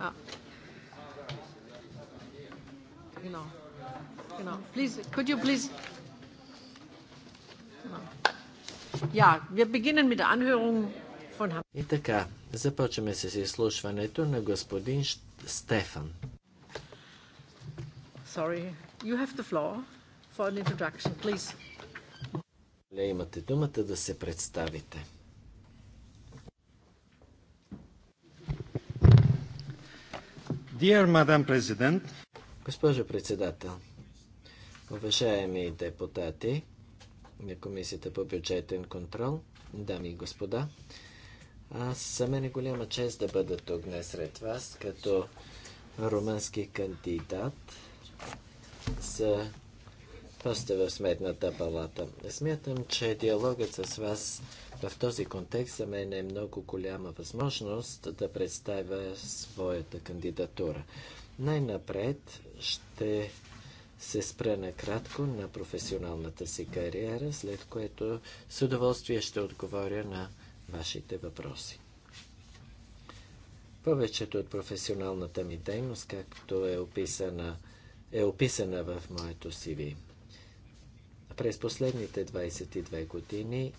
Ah. Genau. Genau. Please, could you please? Ja, wir beginnen mit der Anhörung von Herrn. И така, започваме с изслушването на господин Стефан. Sorry, you have the floor for an introduction, please. Ле, имате думата да се представите. Dear Madam President, Госпожо председател, уважаеми депутати на Комисията по бюджетен контрол, дами и господа, аз за мен е голяма чест да бъда тук днес сред вас като румънски кандидат за това сте в сметната палата. Смятам, че диалогът с вас в този контекст за мен е много голяма възможност да представя своята кандидатура. Най-напред ще се спра накратко на професионалната си кариера, след което с удоволствие ще отговоря на вашите въпроси. Повечето от професионалната ми дейност, както е описана, е описана в моето CV. През последните 22 години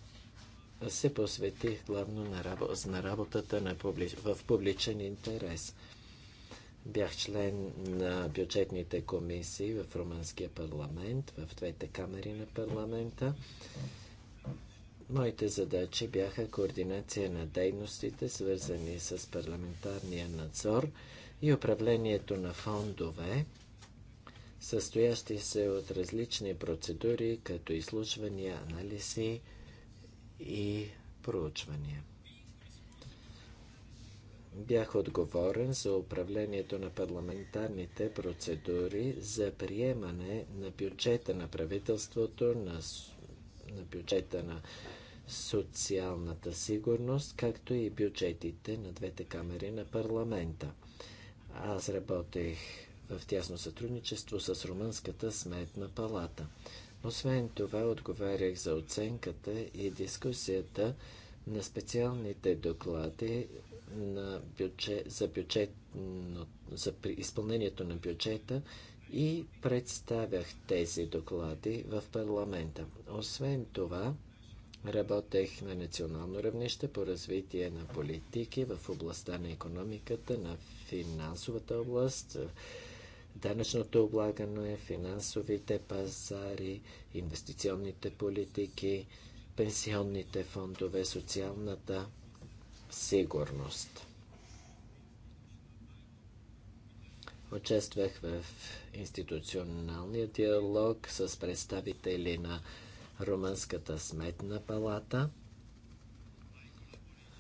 се посветих главно на, работ, на работата на публи, в публичен интерес. Бях член на бюджетните комисии в Румънския парламент, в двете камери на парламента. Моите задачи бяха координация на дейностите, свързани с парламентарния надзор и управлението на фондове, състоящи се от различни процедури, като изслушвания, анализи и проучвания. Бях отговорен за управлението на парламентарните процедури за приемане на бюджета на правителството, на, на бюджета на социалната сигурност, както и бюджетите на двете камери на парламента. Аз работех в тясно сътрудничество с Румънската сметна палата. Освен това, отговарях за оценката и дискусията на специалните доклади на бюджет, за, бюджет, за изпълнението на бюджета и представях тези доклади в парламента. Освен това, работех на национално равнище по развитие на политики в областта на економиката, на финансовата област, данъчното облагане, финансовите пазари, инвестиционните политики, пенсионните фондове, социалната сигурност. Участвах в институционалния диалог с представители на Румънската сметна палата –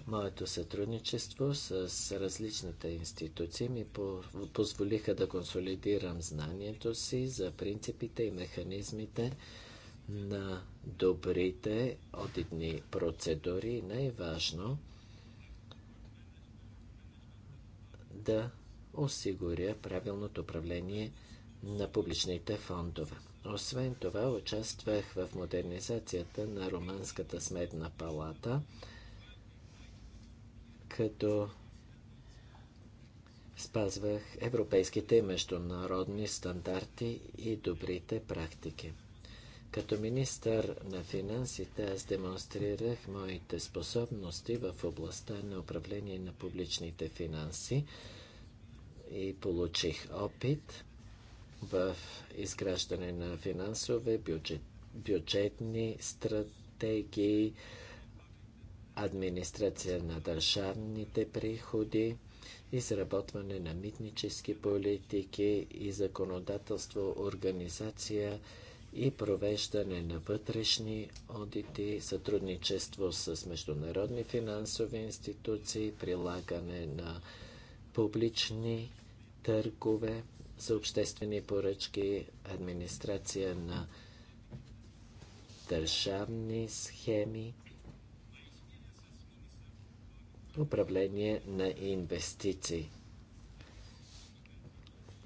Моето сътрудничество с различните институции ми позволиха да консолидирам знанието си за принципите и механизмите на добрите одитни процедури. Най-важно да осигуря правилното управление на публичните фондове. Освен това, участвах в модернизацията на Руманската сметна палата – като спазвах европейските и международни стандарти и добрите практики. Като министър на финансите аз демонстрирах моите способности в областта на управление на публичните финанси и получих опит в изграждане на финансове, бюджет, бюджетни стратегии, стратегии, администрация на държавните приходи, изработване на митнически политики и законодателство, организация и провеждане на вътрешни одити, сътрудничество с международни финансови институции, прилагане на публични търгове за обществени поръчки, администрация на държавни схеми, управление на инвестиции.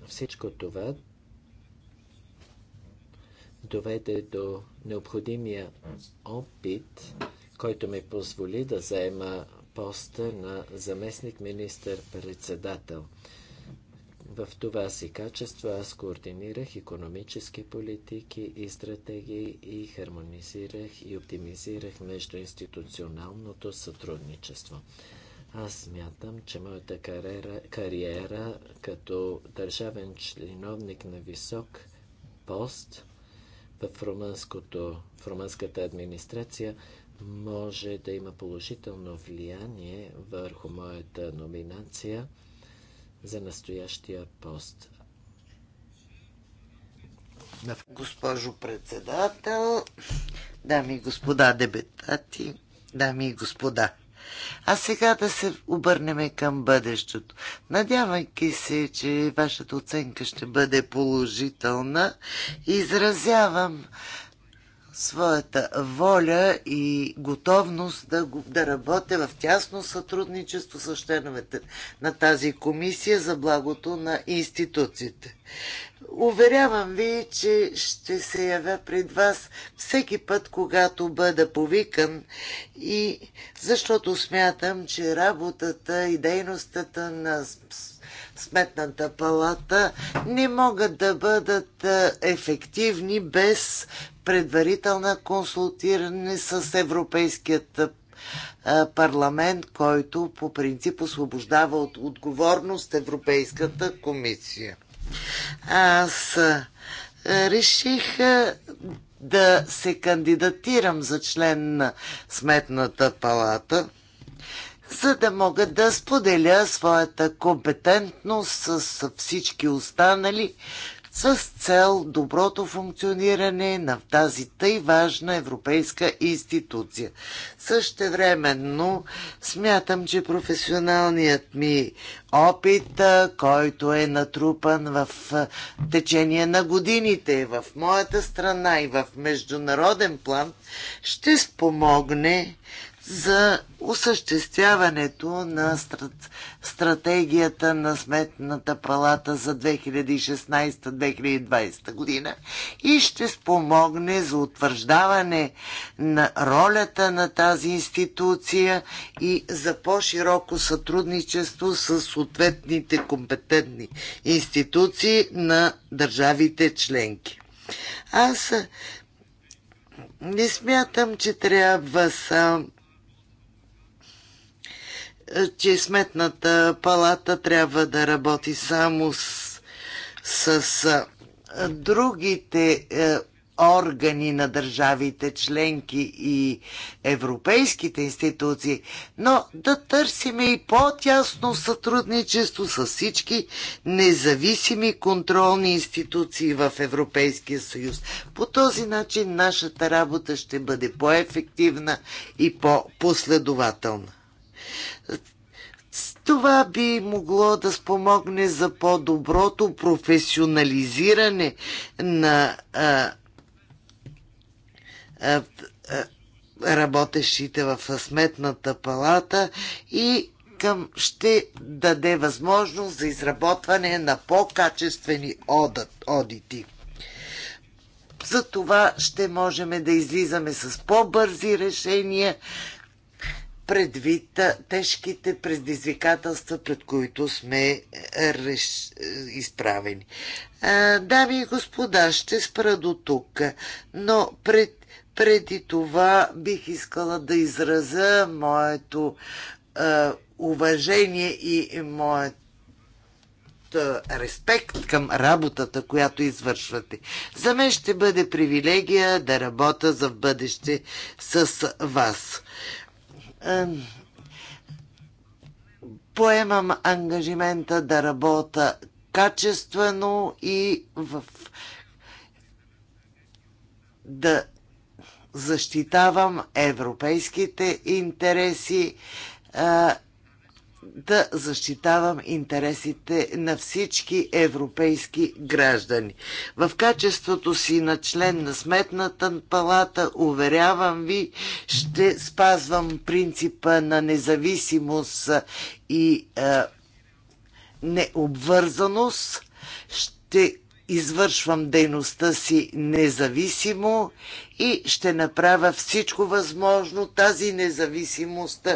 Всичко това доведе до необходимия опит, който ми позволи да заема поста на заместник министър-председател. В това си качество аз координирах економически политики и стратегии и хармонизирах и оптимизирах междуинституционалното сътрудничество. Аз смятам, че моята кариера, кариера като държавен членовник на висок пост в, в румънската администрация може да има положително влияние върху моята номинация – за настоящия пост. Госпожо председател, дами и господа дебетати, дами и господа. А сега да се обърнем към бъдещето. Надявайки се, че вашата оценка ще бъде положителна, изразявам своята воля и готовност да, да работя в тясно сътрудничество с членовете на тази комисия за благото на институциите. Уверявам ви, че ще се явя пред вас всеки път, когато бъда повикан и защото смятам, че работата и дейността на Сметната палата не могат да бъдат е, ефективни без предварителна консултиране с Европейският парламент, който по принцип освобождава от отговорност Европейската комисия. Аз реших да се кандидатирам за член на Сметната палата, за да мога да споделя своята компетентност с всички останали, с цел доброто функциониране на тази тъй важна европейска институция. Същевременно смятам, че професионалният ми опит, който е натрупан в течение на годините в моята страна и в международен план, ще спомогне за осъществяването на стратегията на Сметната палата за 2016-2020 година и ще спомогне за утвърждаване на ролята на тази институция и за по-широко сътрудничество с съответните компетентни институции на държавите членки. Аз не смятам, че трябва само че сметната палата трябва да работи само с, с другите е, органи на държавите членки и европейските институции, но да търсиме и по-тясно сътрудничество с всички независими контролни институции в Европейския съюз. По този начин нашата работа ще бъде по-ефективна и по-последователна. Това би могло да спомогне за по-доброто професионализиране на а, а, работещите в сметната палата и към ще даде възможност за изработване на по-качествени одити. За това ще можем да излизаме с по-бързи решения, предвид тежките предизвикателства, пред които сме е, реш... Е, изправени. Дами и господа, ще спра до тук, но пред... преди това бих искала да изразя моето е, уважение и моето респект към работата, която извършвате. За мен ще бъде привилегия да работя за в бъдеще с вас поемам ангажимента да работя качествено и в да защитавам европейските интереси а, да защитавам интересите на всички европейски граждани. В качеството си на член на Сметната палата, уверявам ви, ще спазвам принципа на независимост и е, необвързаност. Ще извършвам дейността си независимо и ще направя всичко възможно тази независимост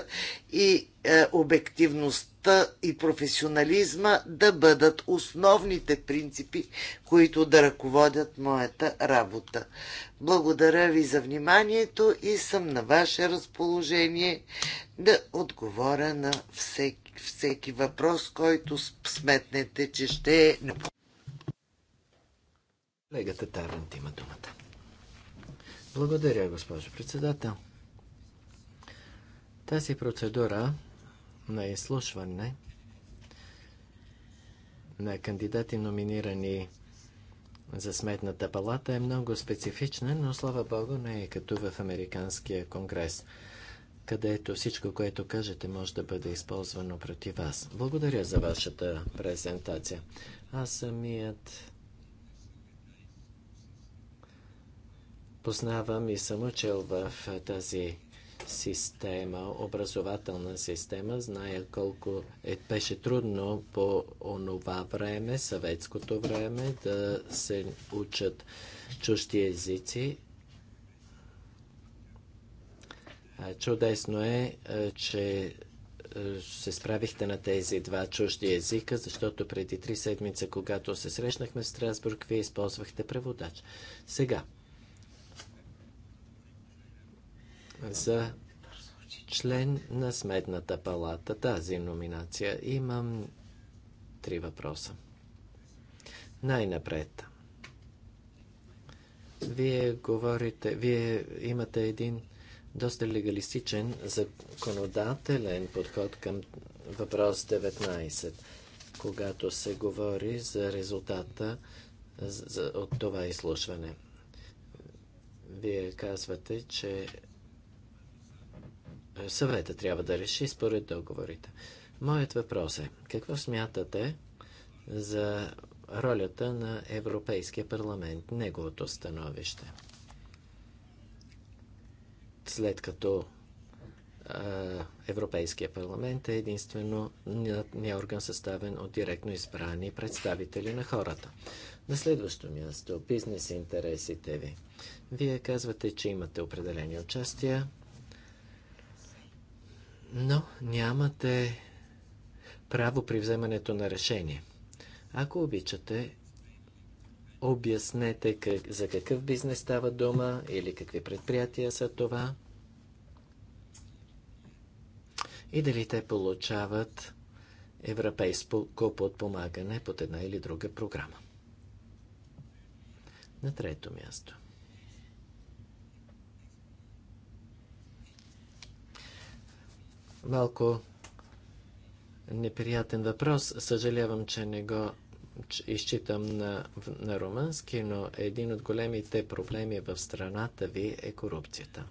и е, обективността и професионализма да бъдат основните принципи, които да ръководят моята работа. Благодаря ви за вниманието и съм на ваше разположение да отговоря на всеки, всеки въпрос, който сметнете, че ще е Легата Колегата Тарант има думата. Благодаря, госпожо председател. Тази процедура на изслушване на кандидати, номинирани за сметната палата, е много специфична, но слава богу не е като в Американския конгрес, където всичко, което кажете, може да бъде използвано против вас. Благодаря за вашата презентация. Аз самият познавам и съм учил в тази система, образователна система. Зная колко е, беше трудно по онова време, съветското време, да се учат чужди езици. Чудесно е, че се справихте на тези два чужди езика, защото преди три седмица, когато се срещнахме в Страсбург, вие използвахте преводач. Сега, за член на Сметната палата. Тази номинация имам три въпроса. Най-напред. Вие говорите, вие имате един доста легалистичен законодателен подход към въпрос 19, когато се говори за резултата от това изслушване. Вие казвате, че е, съвета трябва да реши според договорите. Моят въпрос е, какво смятате за ролята на Европейския парламент, неговото становище? След като Европейския парламент е единствено не орган съставен от директно избрани представители на хората. На следващо място, бизнес интересите ви. Вие казвате, че имате определени участия но нямате право при вземането на решение. Ако обичате, обяснете как, за какъв бизнес става дума или какви предприятия са това и дали те получават европейско подпомагане под една или друга програма. На трето място – малко неприятен въпрос. Съжалявам, че не го изчитам на, на румънски, но един от големите проблеми в страната ви е корупцията.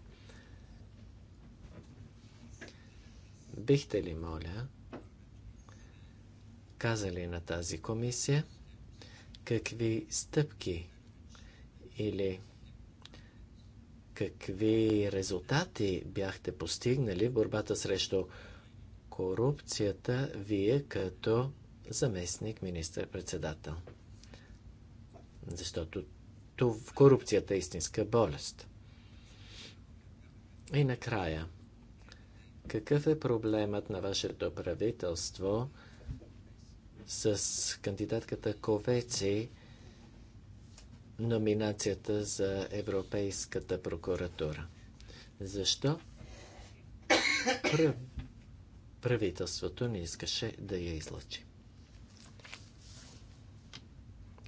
Бихте ли, моля, казали на тази комисия какви стъпки или какви резултати бяхте постигнали в борбата срещу корупцията вие като заместник министър-председател. Защото в корупцията е истинска болест. И накрая, какъв е проблемът на вашето правителство с кандидатката Ковеци номинацията за Европейската прокуратура. Защо? Правителството не искаше да я излъчи.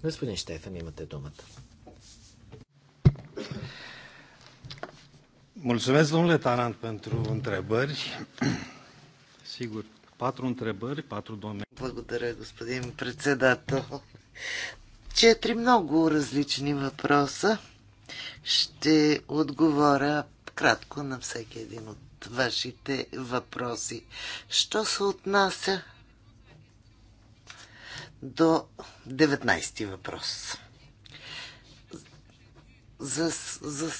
Господин Штефан, имате думата. Mulțumesc, domnule Tarant, pentru întrebări. Sigur, patru întrebări, patru domenii. Благодаря, господин председател четири много различни въпроса. Ще отговоря кратко на всеки един от вашите въпроси. Що се отнася до 19-ти въпрос? За, за,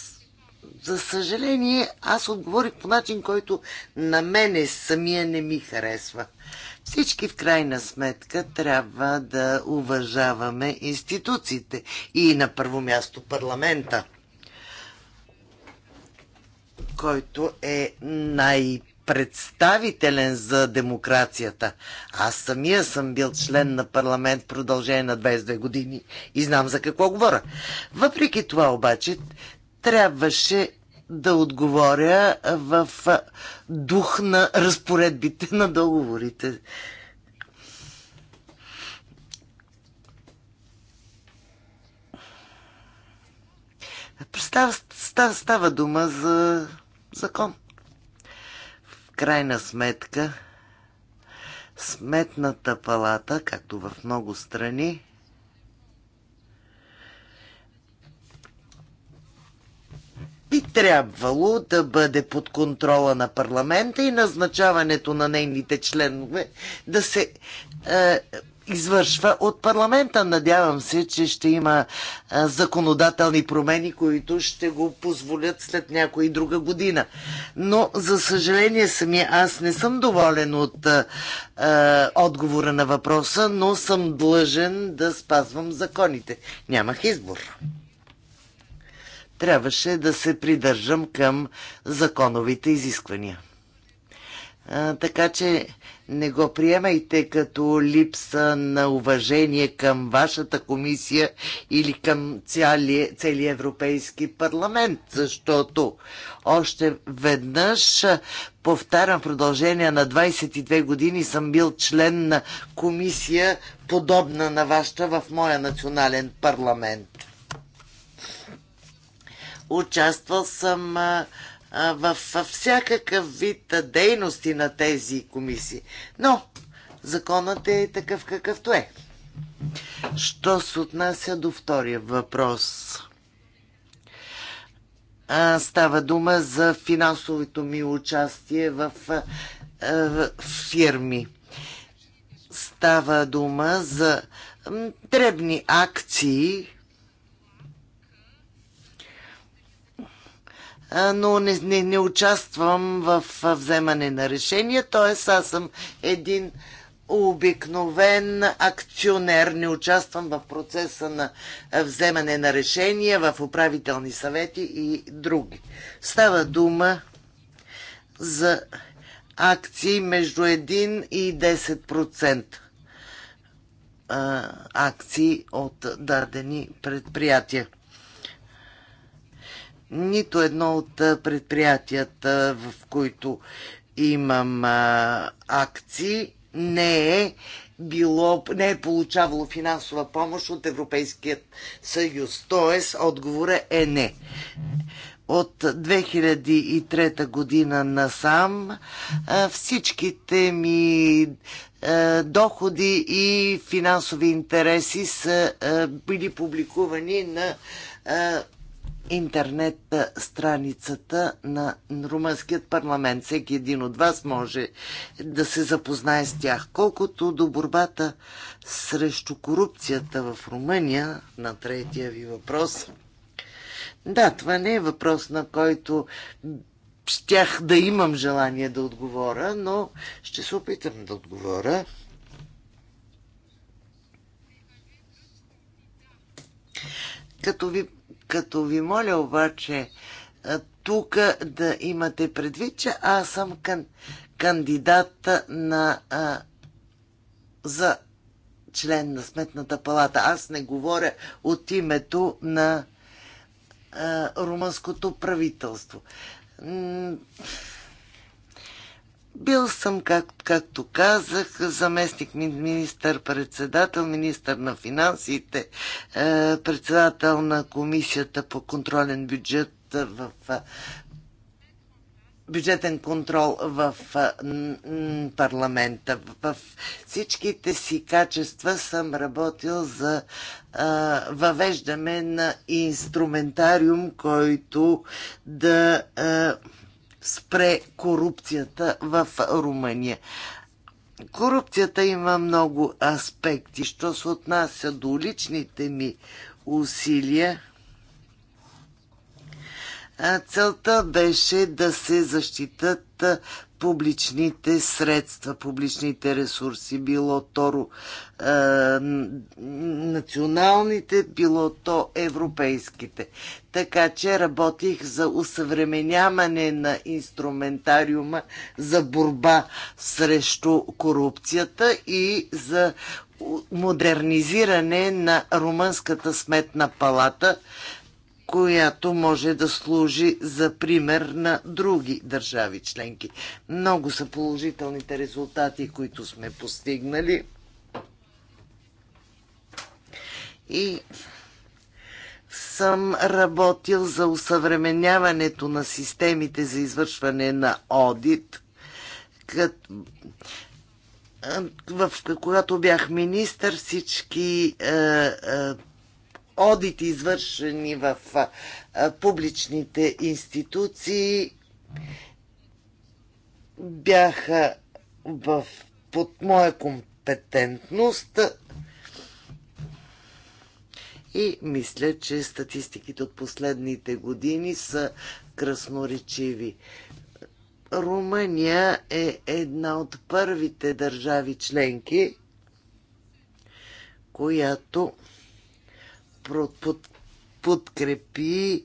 за съжаление, аз отговорих по начин, който на мене самия не ми харесва. Всички в крайна сметка трябва да уважаваме институциите и на първо място парламента, който е най- представителен за демокрацията. Аз самия съм бил член на парламент в продължение на 22 години и знам за какво говоря. Въпреки това обаче трябваше да отговоря в дух на разпоредбите на договорите. Става, става, става дума за закон. В крайна сметка, Сметната палата, както в много страни, би трябвало да бъде под контрола на парламента и назначаването на нейните членове да се е, извършва от парламента. Надявам се, че ще има е, законодателни промени, които ще го позволят след някоя и друга година. Но, за съжаление, сами аз не съм доволен от е, е, отговора на въпроса, но съм длъжен да спазвам законите. Нямах избор трябваше да се придържам към законовите изисквания. А, така че не го приемайте като липса на уважение към вашата комисия или към цяли, цели Европейски парламент, защото още веднъж, повтарям, в продължение на 22 години съм бил член на комисия, подобна на вашата в моя национален парламент. Участвал съм в всякакъв вид дейности на тези комисии. Но законът е такъв какъвто е. Що се отнася до втория въпрос? става дума за финансовото ми участие в фирми. Става дума за дребни акции, но не, не, не участвам в вземане на решения, т.е. аз съм един обикновен акционер, не участвам в процеса на вземане на решения, в управителни съвети и други. Става дума за акции между 1 и 10% акции от дадени предприятия нито едно от предприятията, в които имам а, акции, не е било, не е получавало финансова помощ от Европейският съюз. Тоест, отговора е не. От 2003 година насам всичките ми доходи и финансови интереси са били публикувани на интернет страницата на Румънският парламент. Всеки един от вас може да се запознае с тях. Колкото до борбата срещу корупцията в Румъния, на третия ви въпрос, да, това не е въпрос, на който щях да имам желание да отговоря, но ще се опитам да отговоря. Като ви като ви моля обаче тук да имате предвид, че аз съм кан- кандидат на, а, за член на Сметната палата. Аз не говоря от името на а, румънското правителство. Бил съм, как, както казах, заместник министър-председател, министър на финансите, е, председател на комисията по контролен бюджет в е, бюджетен контрол в е, парламента. В всичките си качества съм работил за въвеждане на инструментариум, който да спре корупцията в Румъния. Корупцията има много аспекти. Що се отнася до личните ми усилия, целта беше да се защитат публичните средства, публичните ресурси, било то е, националните, било то европейските. Така че работих за усъвременяване на инструментариума за борба срещу корупцията и за модернизиране на Румънската сметна палата, която може да служи за пример на други държави членки. Много са положителните резултати, които сме постигнали. И съм работил за усъвременяването на системите за извършване на одит, като в, когато бях министър, всички е, е, одити, извършени в публичните институции, бяха в, под моя компетентност и мисля, че статистиките от последните години са красноречиви. Румъния е една от първите държави членки, която подкрепи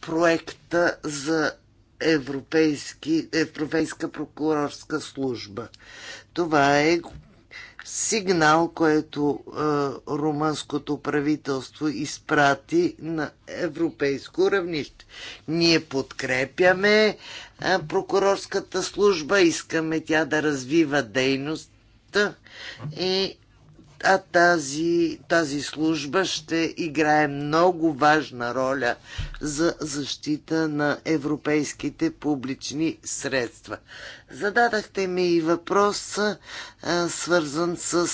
проекта за Европейски, Европейска прокурорска служба. Това е сигнал, който е, румънското правителство изпрати на европейско равнище. Ние подкрепяме е, прокурорската служба, искаме тя да развива дейността и а тази, тази служба ще играе много важна роля за защита на европейските публични средства. Зададахте ми и въпрос, свързан с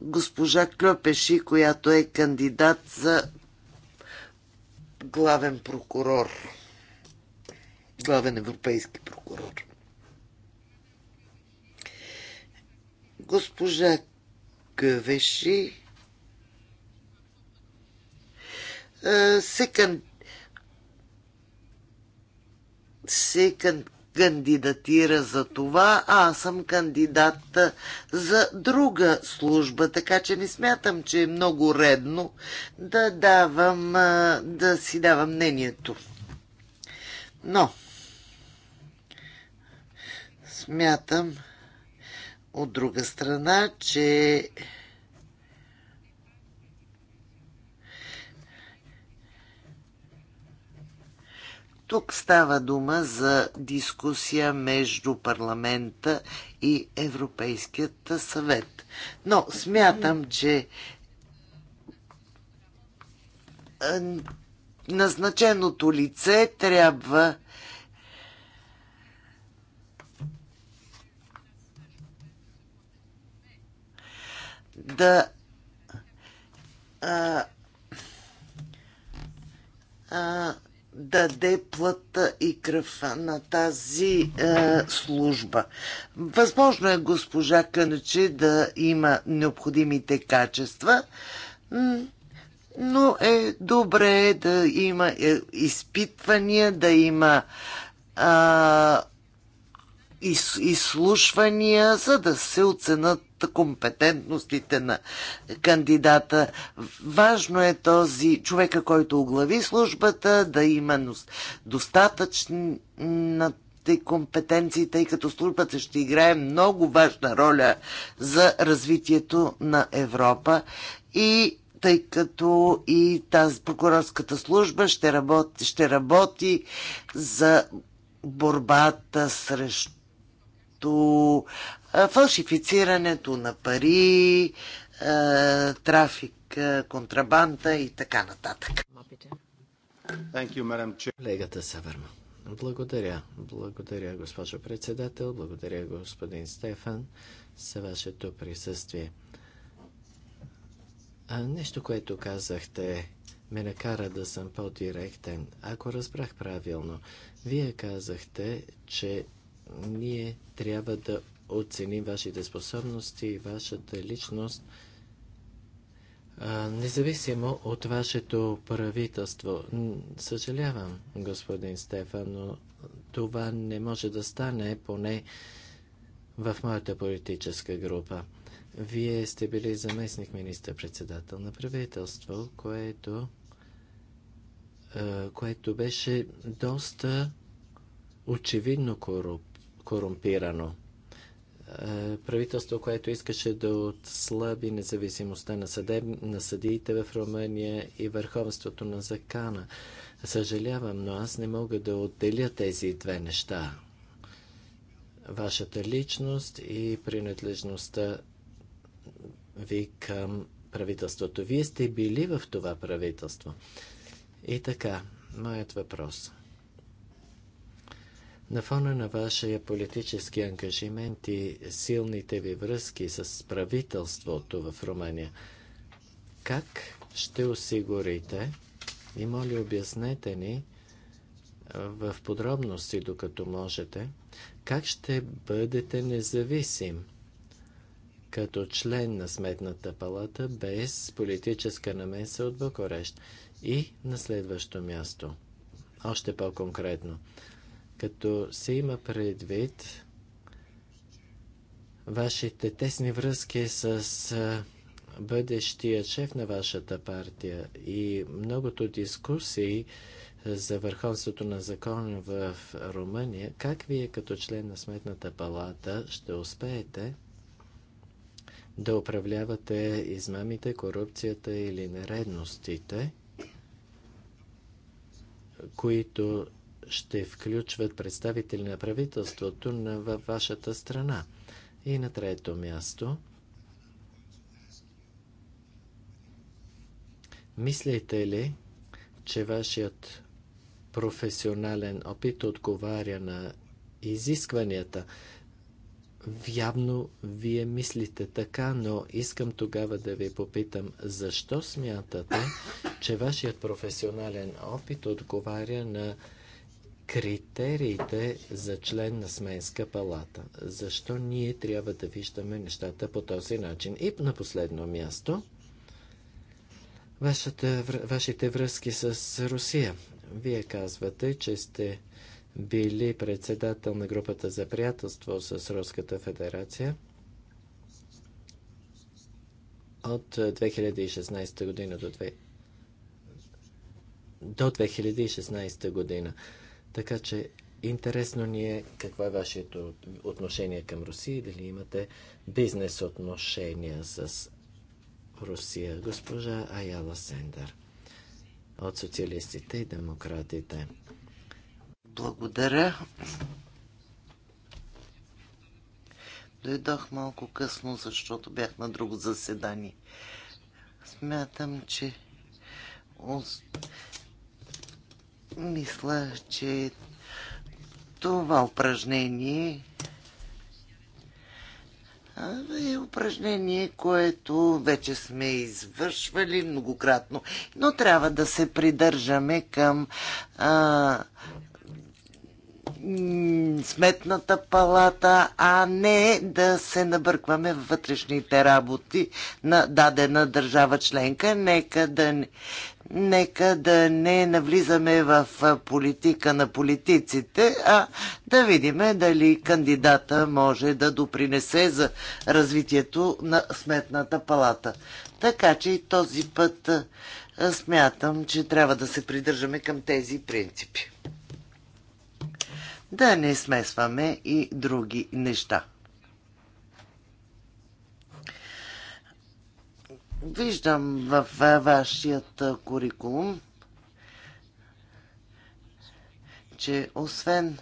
госпожа Клепеши, която е кандидат за главен прокурор. Главен европейски прокурор. Госпожа Гъвеши се, кан... кандидатира за това, а аз съм кандидат за друга служба, така че не смятам, че е много редно да давам, да си давам мнението. Но, смятам, от друга страна, че Тук става дума за дискусия между парламента и Европейският съвет. Но смятам, че назначеното лице трябва да а, а, даде плътта и кръв на тази а, служба. Възможно е госпожа Кънче да има необходимите качества, но е добре да има е, изпитвания, да има а, из, изслушвания, за да се оценят компетентностите на кандидата. Важно е този човека, който оглави службата, да има достатъчно и компетенции, тъй като службата ще играе много важна роля за развитието на Европа и тъй като и тази прокурорската служба ще работи, ще работи за борбата срещу фалшифицирането на пари, трафик, контрабанда и така нататък. Легата върна. Благодаря. Благодаря, госпожо председател. Благодаря, господин Стефан, за вашето присъствие. А нещо, което казахте, ме накара да съм по-директен. Ако разбрах правилно, вие казахте, че ние трябва да оценим вашите способности и вашата личност, независимо от вашето правителство. Съжалявам, господин Стефан, но това не може да стане поне в моята политическа група. Вие сте били заместник министър-председател на правителство, което, което беше доста очевидно коруп, корумпирано. Е, правителство, което искаше да отслаби независимостта на, съдеб... на съдиите в Румъния и върховенството на закана. Съжалявам, но аз не мога да отделя тези две неща. Вашата личност и принадлежността ви към правителството. Вие сте били в това правителство. И така, моят въпрос – на фона на вашия политически ангажимент и силните ви връзки с правителството в Румъния, как ще осигурите и моля обяснете ни в подробности, докато можете, как ще бъдете независим като член на Сметната палата без политическа намеса от Бакорещ и на следващо място. Още по-конкретно – като се има предвид вашите тесни връзки с бъдещия шеф на вашата партия и многото дискусии за върховството на закона в Румъния, как вие като член на Сметната палата ще успеете да управлявате измамите, корупцията или нередностите, които ще включват представители на правителството на във вашата страна? И на трето място, мислите ли, че вашият професионален опит отговаря на изискванията? Явно вие мислите така, но искам тогава да ви попитам, защо смятате, че вашият професионален опит отговаря на критериите за член на Сменска палата. Защо ние трябва да виждаме нещата по този начин? И на последно място, вашата, вашите връзки с Русия. Вие казвате, че сте били председател на групата за приятелство с Руската федерация от 2016 е, година до до 2016 година. Така че интересно ни е какво е вашето отношение към Русия дали имате бизнес отношения с Русия. Госпожа Аяла Сендър от социалистите и демократите. Благодаря. Дойдох малко късно, защото бях на друго заседание. Смятам, че мисля, че това упражнение е упражнение, което вече сме извършвали многократно, но трябва да се придържаме към а, сметната палата, а не да се набъркваме в вътрешните работи на дадена държава членка. Нека да не, нека да не навлизаме в политика на политиците, а да видиме дали кандидата може да допринесе за развитието на Сметната палата. Така че и този път смятам, че трябва да се придържаме към тези принципи. Да не смесваме и други неща. Виждам в вашият курикулум, че освен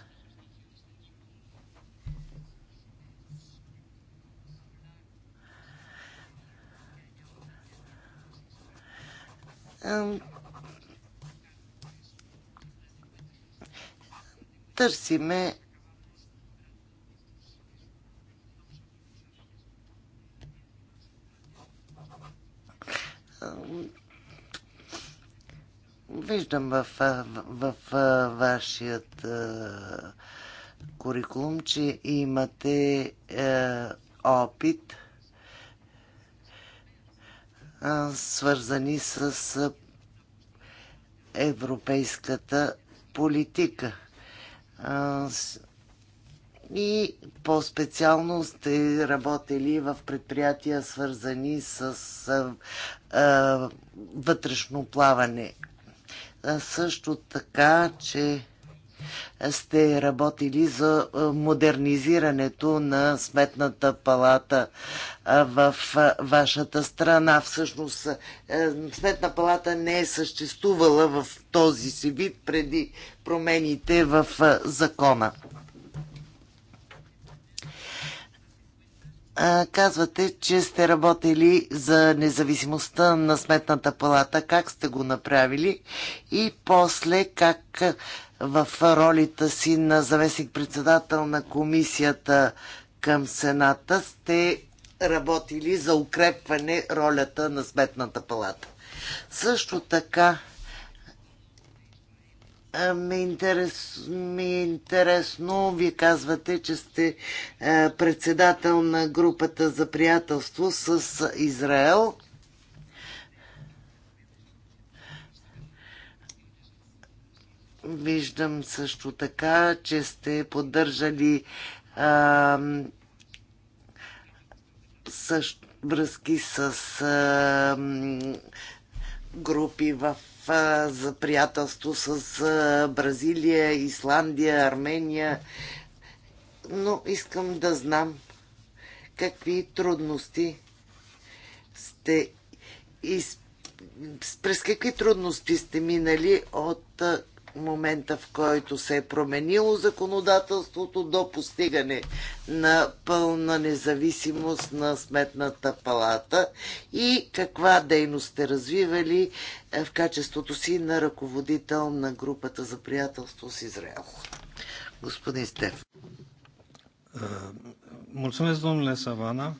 търсиме виждам в, в, в, в вашият а, курикулум, че имате а, е, опит а, свързани с европейската политика. С, и по-специално сте работили в предприятия, свързани с а, вътрешно плаване. А също така, че сте работили за модернизирането на сметната палата в вашата страна. Всъщност, сметна палата не е съществувала в този си вид преди промените в закона. Казвате, че сте работили за независимостта на Сметната палата. Как сте го направили? И после как в ролята си на заместник-председател на комисията към Сената сте работили за укрепване ролята на Сметната палата. Също така ме, интерес, ми е интересно, вие казвате, че сте председател на групата за приятелство с Израел. Виждам също така, че сте поддържали е, също, връзки с е, групи в за приятелство с Бразилия, Исландия, Армения, но искам да знам какви трудности сте из... през какви трудности сте минали от момента, в който се е променило законодателството до постигане на пълна независимост на Сметната палата и каква дейност сте развивали е, в качеството си на ръководител на групата за приятелство с Израел? Господин Стеф. Е, Мулțumesc, domnule савана.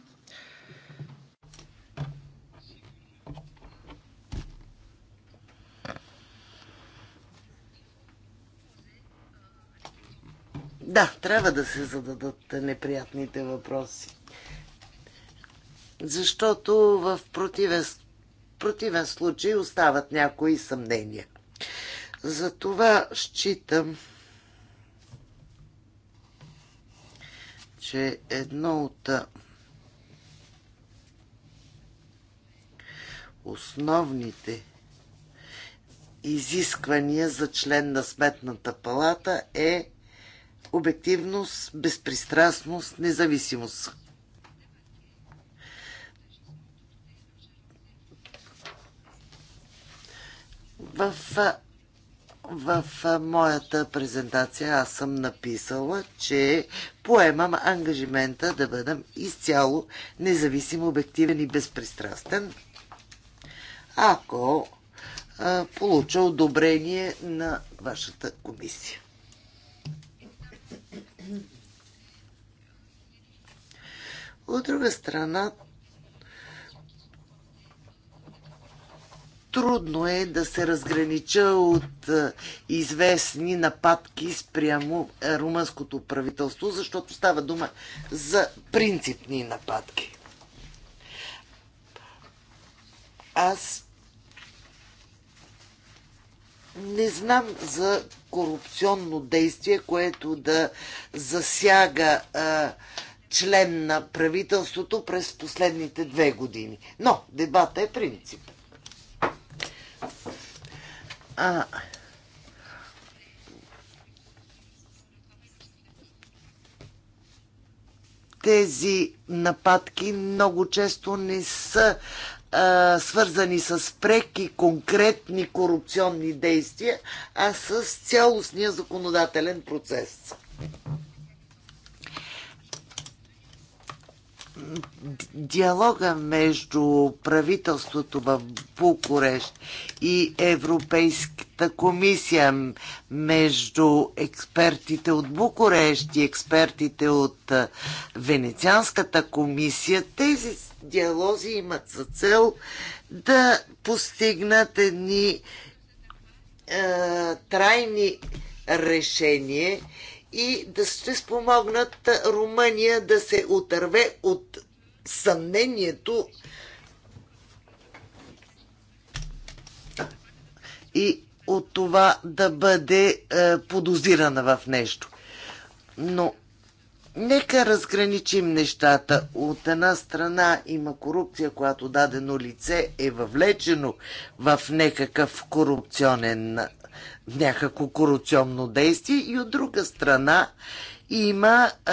Да, трябва да се зададат неприятните въпроси. Защото в противен, противен случай остават някои съмнения. Затова считам, че едно от основните изисквания за член на Сметната палата е обективност, безпристрастност, независимост. В, в моята презентация аз съм написала, че поемам ангажимента да бъдам изцяло независим, обективен и безпристрастен, ако а, получа одобрение на вашата комисия. От друга страна, трудно е да се разгранича от е, известни нападки спрямо е, румънското правителство, защото става дума за принципни нападки. Аз не знам за корупционно действие, което да засяга а, член на правителството през последните две години. Но дебата е принцип. А, тези нападки много често не са свързани с преки, конкретни корупционни действия, а с цялостния законодателен процес. диалога между правителството в Букурещ и Европейската комисия, между експертите от Букурещ и експертите от Венецианската комисия, тези диалози имат за цел да постигнат едни е, трайни решения и да ще спомогнат Румъния да се отърве от съмнението и от това да бъде е, подозирана в нещо. Но нека разграничим нещата. От една страна има корупция, която дадено лице е въвлечено в някакъв корупционен е, някакво корупционно действие и от друга страна има е,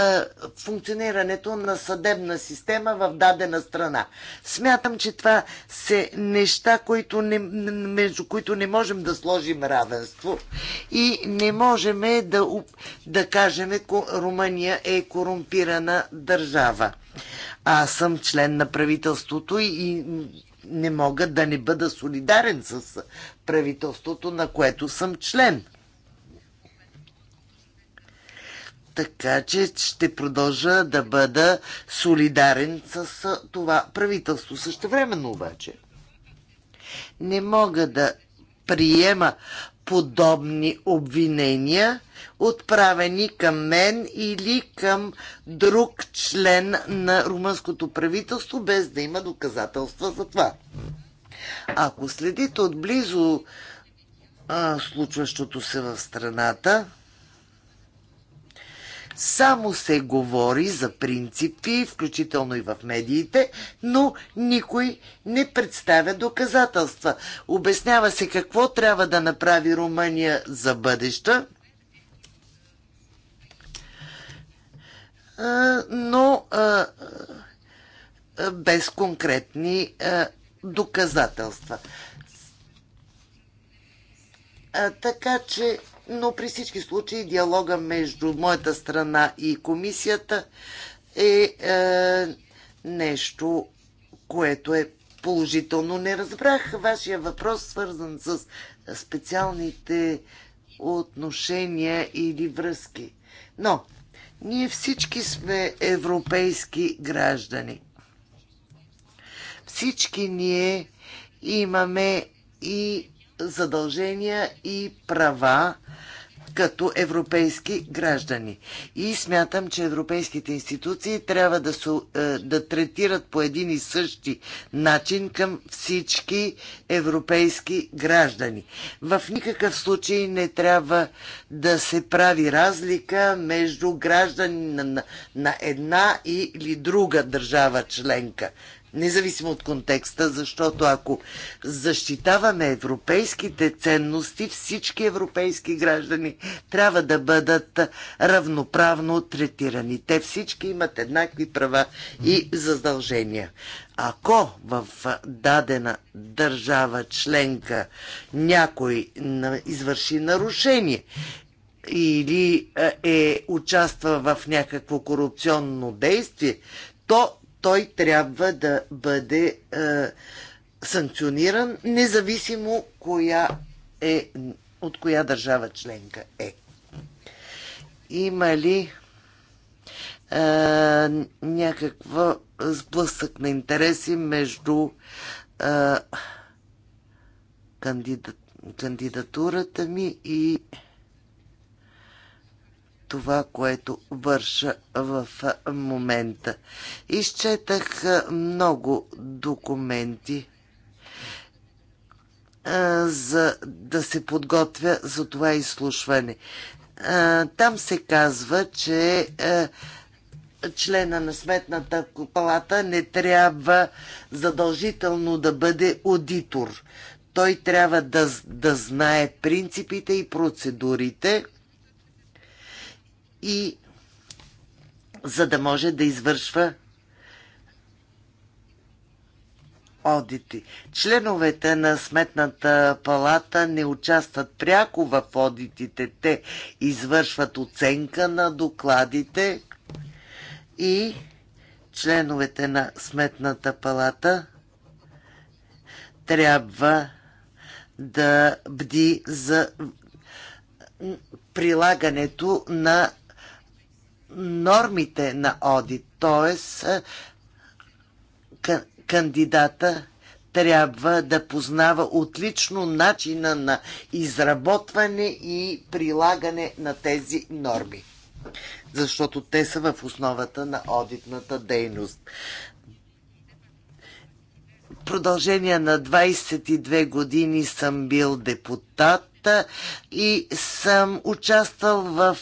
функционирането на съдебна система в дадена страна. Смятам, че това са неща, които не, между които не можем да сложим равенство и не можем да, да кажем, Румъния е корумпирана държава. Аз съм член на правителството и, и не мога да не бъда солидарен с правителството, на което съм член. Така че ще продължа да бъда солидарен с това правителство. Същевременно обаче не мога да приема подобни обвинения, отправени към мен или към друг член на румънското правителство, без да има доказателства за това. Ако следите отблизо а, случващото се в страната, само се говори за принципи, включително и в медиите, но никой не представя доказателства. Обяснява се какво трябва да направи Румъния за бъдеща, но без конкретни доказателства. А, така че, но при всички случаи диалога между моята страна и комисията е, е нещо, което е положително. Не разбрах вашия въпрос, свързан с специалните отношения или връзки. Но, ние всички сме европейски граждани всички ние имаме и задължения и права като европейски граждани. И смятам, че европейските институции трябва да, су, е, да третират по един и същи начин към всички европейски граждани. В никакъв случай не трябва да се прави разлика между граждани на, на една или друга държава членка независимо от контекста, защото ако защитаваме европейските ценности, всички европейски граждани трябва да бъдат равноправно третирани. Те всички имат еднакви права и задължения. Ако в дадена държава членка някой извърши нарушение, или е участва в някакво корупционно действие, то той трябва да бъде е, санкциониран, независимо коя е, от коя държава членка е. Има ли е, някаква сблъсък на интереси между е, кандидат, кандидатурата ми и това, което върша в момента. Изчетах много документи за да се подготвя за това изслушване. Там се казва, че члена на Сметната палата не трябва задължително да бъде аудитор. Той трябва да, да знае принципите и процедурите и за да може да извършва одити. Членовете на Сметната палата не участват пряко в одитите. Те извършват оценка на докладите и членовете на Сметната палата трябва да бди за прилагането на нормите на одит, т.е. кандидата трябва да познава отлично начина на изработване и прилагане на тези норми, защото те са в основата на одитната дейност. В продължение на 22 години съм бил депутат и съм участвал в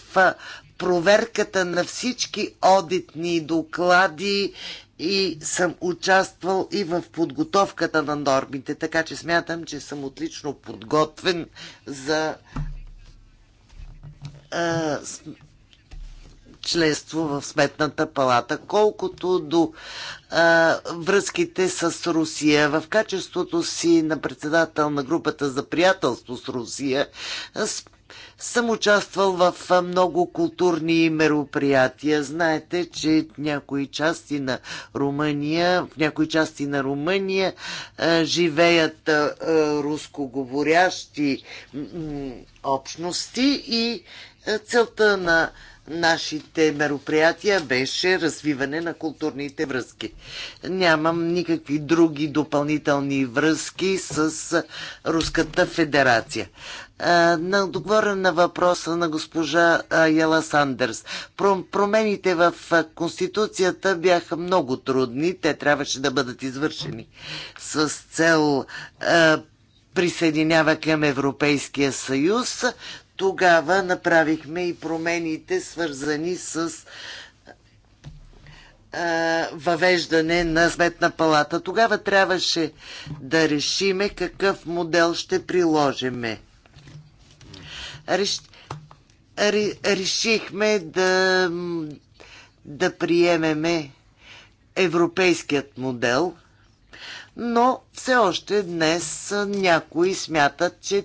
проверката на всички одитни доклади и съм участвал и в подготовката на нормите, така че смятам, че съм отлично подготвен за а, членство в Сметната палата. Колкото до а, връзките с Русия, в качеството си на председател на групата за приятелство с Русия, съм участвал в много културни мероприятия. Знаете, че някои части на Румъния, в някои части на Румъния живеят рускоговорящи общности и целта на нашите мероприятия беше развиване на културните връзки. Нямам никакви други допълнителни връзки с Руската федерация на договора на въпроса на госпожа Яла Сандърс. Промените в Конституцията бяха много трудни. Те трябваше да бъдат извършени с цел присъединява към Европейския съюз. Тогава направихме и промените, свързани с въвеждане на сметна палата. Тогава трябваше да решиме какъв модел ще приложиме реш, решихме да, да приемеме европейският модел, но все още днес някои смятат, че,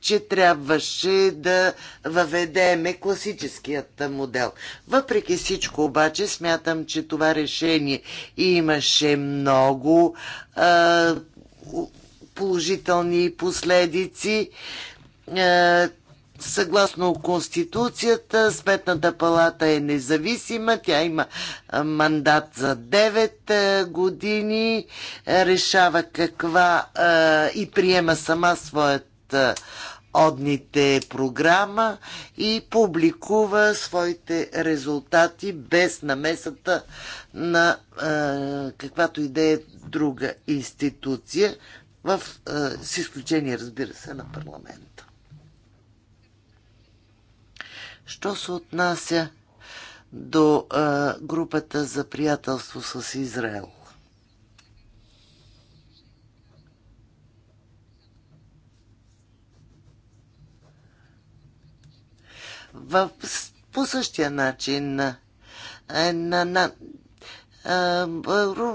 че трябваше да въведеме класическият модел. Въпреки всичко обаче смятам, че това решение имаше много а, положителни последици. А, Съгласно Конституцията, Сметната палата е независима. Тя има мандат за 9 години, е, решава каква и приема сама своят одните програма и публикува своите резултати без намесата на е, каквато и да е друга институция, в, е, с изключение, разбира се, на парламент. Що се отнася до а, групата за приятелство с Израел? В, по същия начин е, на, на, на,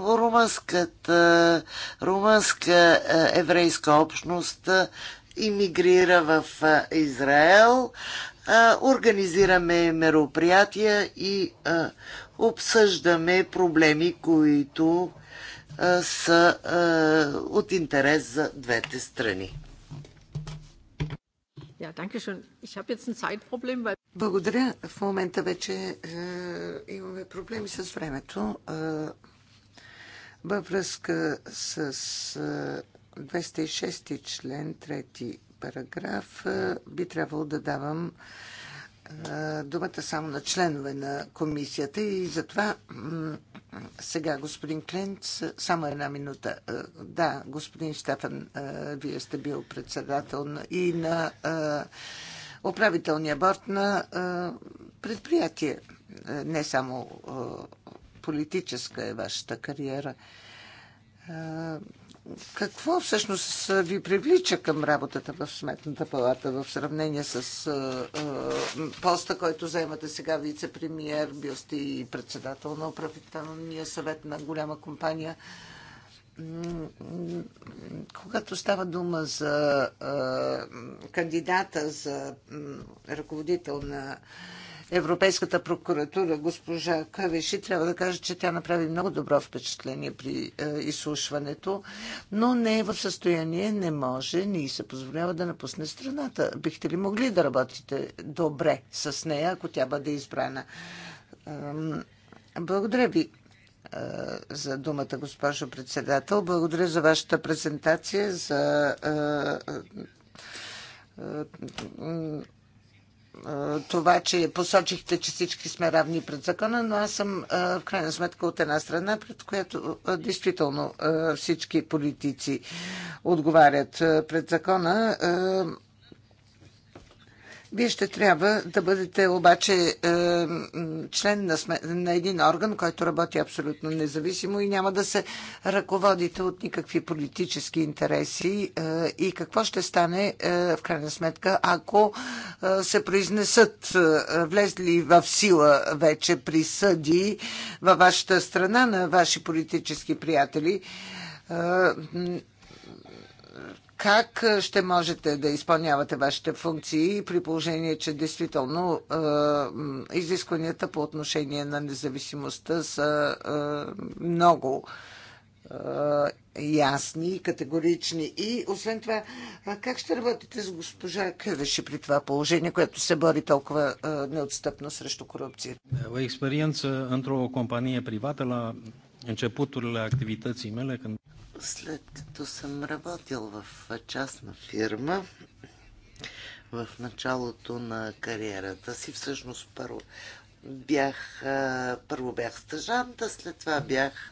румънската, румънска еврейска общност иммигрира в Израел. Организираме мероприятия и обсъждаме проблеми, които са от интерес за двете страни. Благодаря. В момента вече е, имаме проблеми с времето. Е, във връзка с е, 206 член, трети параграф, е, би трябвало да давам е, думата само на членове на комисията и затова сега господин Кленц, само една минута. Е, да, господин Штефан, вие сте бил председател и на управителния борт на предприятие. Не само политическа е вашата кариера. Какво всъщност ви привлича към работата в Сметната палата в сравнение с поста, който заемате сега вице-премьер, бил сте и председател на управителния съвет на голяма компания? когато става дума за а, кандидата за а, ръководител на Европейската прокуратура, госпожа Кавеши, трябва да кажа, че тя направи много добро впечатление при е, изслушването, но не е в състояние, не може, ни се позволява да напусне страната. Бихте ли могли да работите добре с нея, ако тя бъде избрана? Благодаря ви е, за думата, госпожо председател. Благодаря за вашата презентация, за е, това, че посочихте, че всички сме равни пред закона, но аз съм в крайна сметка от една страна, пред която действително всички политици отговарят пред закона вие ще трябва да бъдете обаче е, член на, сме, на един орган, който работи абсолютно независимо и няма да се ръководите от никакви политически интереси. Е, и какво ще стане е, в крайна сметка, ако е, се произнесат е, влезли в сила вече присъди във вашата страна на ваши политически приятели? Е, как е, ще можете да изпълнявате вашите функции при положение, че действително е, изискванията по отношение на независимостта са е, много ясни и категорични. И освен това, как ще работите с госпожа Кевеши при това положение, което се бори толкова неотстъпно срещу корупцията? В експериенță într компания companie începuturile activității mele când... След като съм работил в частна фирма, в началото на кариерата си, всъщност първо бях, първо бях стъжант, след това бях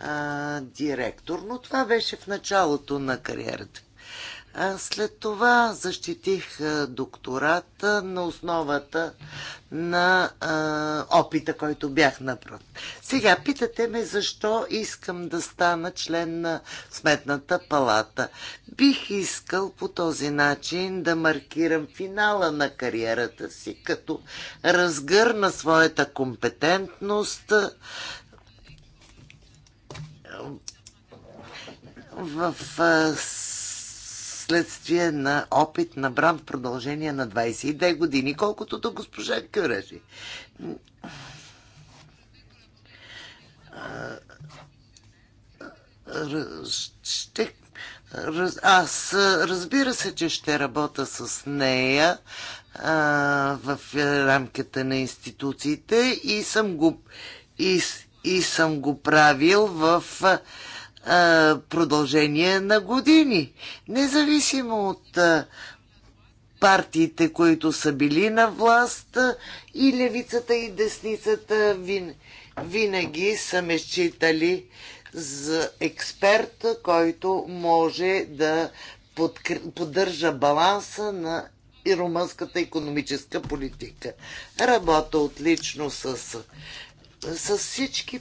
а, директор, но това беше в началото на кариерата. След това защитих доктората на основата на опита, който бях направил. Сега питате ме защо искам да стана член на Сметната палата. Бих искал по този начин да маркирам финала на кариерата си, като разгърна своята компетентност в следствие на опит на бран в продължение на 22 години, колкото до госпожа Кюрежи. Ще Раз, аз разбира се, че ще работя с нея а, в рамките на институциите и съм го, и, и съм го правил в а, продължение на години. Независимо от а, партиите, които са били на власт и левицата и десницата вин, винаги са ме считали за експерт, който може да подкр... поддържа баланса на и румънската економическа политика. Работа отлично с, с всички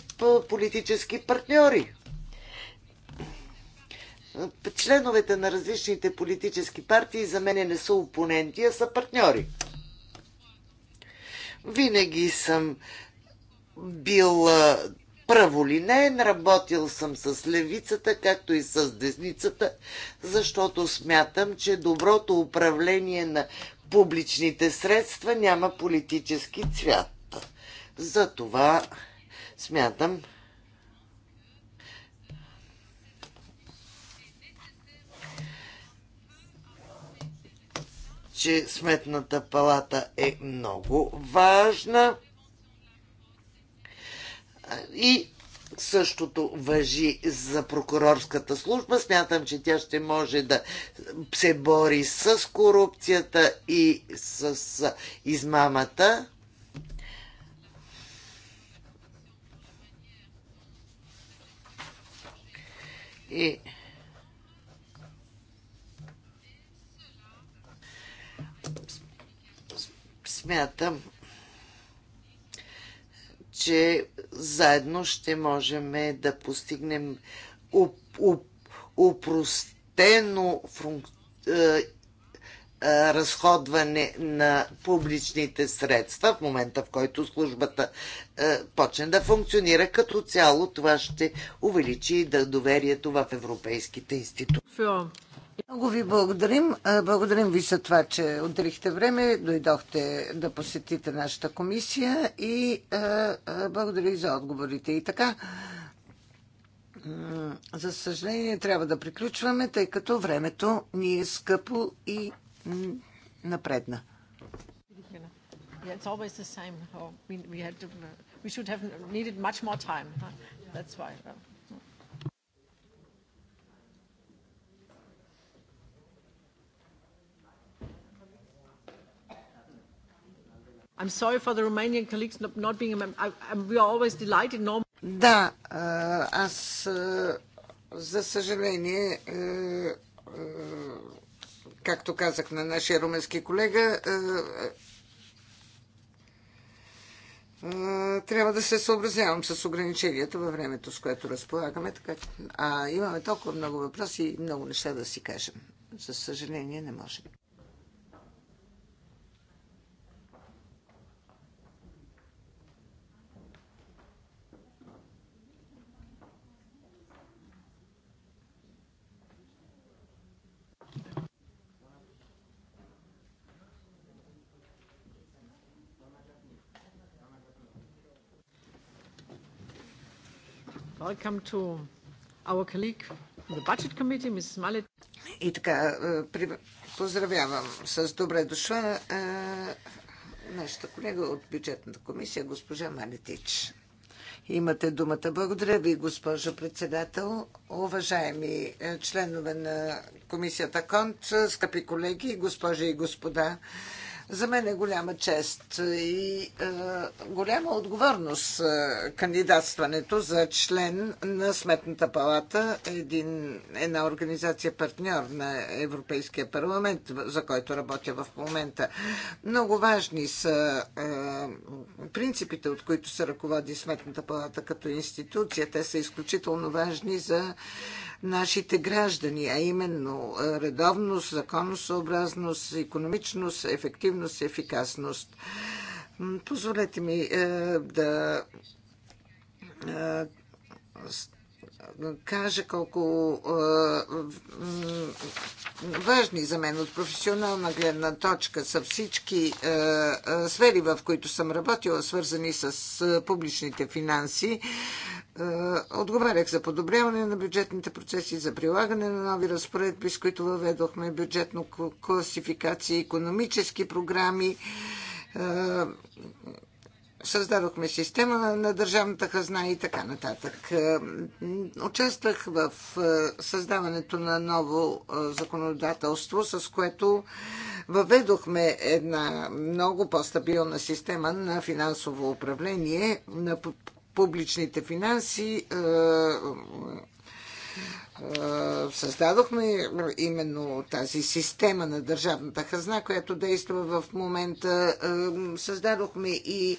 политически партньори членовете на различните политически партии за мене не са опоненти, а са партньори. Винаги съм бил праволинен, работил съм с левицата, както и с десницата, защото смятам, че доброто управление на публичните средства няма политически цвят. Затова смятам, че Сметната палата е много важна и Същото въжи за прокурорската служба. Смятам, че тя ще може да се бори с корупцията и с измамата. И смятам, че заедно ще можем да постигнем упростено функ... Е, е, разходване на публичните средства в момента, в който службата е, почне да функционира. Като цяло това ще увеличи доверието в европейските институции. Много ви благодарим. Благодарим ви за това, че отделихте време, дойдохте да посетите нашата комисия и благодаря и за отговорите. И така, за съжаление, трябва да приключваме, тъй като времето ни е скъпо и напредна. Yeah, I'm sorry for the Romanian colleagues not being a member. I, I'm, we are always delighted. Да, аз за съжаление както казах на нашия руменски колега, трябва да се съобразявам с ограниченията във времето, с което разполагаме. Така, а имаме толкова много въпроси и много неща да си кажем. За съжаление, не можем. Welcome to our colleague the budget committee, Mrs. И така, е, поздравявам с добре дошла е, нашата колега от бюджетната комисия, госпожа Малетич. Имате думата. Благодаря ви, госпожо председател. Уважаеми е, членове на комисията КОНТ, скъпи колеги, госпожи и господа, за мен е голяма чест и е, голяма отговорност е, кандидатстването за член на Сметната палата, един, една организация партньор на Европейския парламент, за който работя в момента. Много важни са е, принципите, от които се ръководи Сметната палата като институция. Те са изключително важни за нашите граждани, а именно е, редовност, законосъобразност, економичност, ефективност и ефикасност. Позволете ми е, да е, кажа колко важни за мен от професионална гледна точка са всички сфери, в които съм работила, свързани с публичните финанси. Е, отговарях за подобряване на бюджетните процеси, за прилагане на нови разпоредби, с които въведохме бюджетно класификация, економически програми. Е, създадохме система на държавната хазна и така нататък. Е, участвах в създаването на ново законодателство, с което въведохме една много по-стабилна система на финансово управление, на публичните финанси. Е, е, създадохме именно тази система на държавната хазна, която действа в момента. Е, създадохме и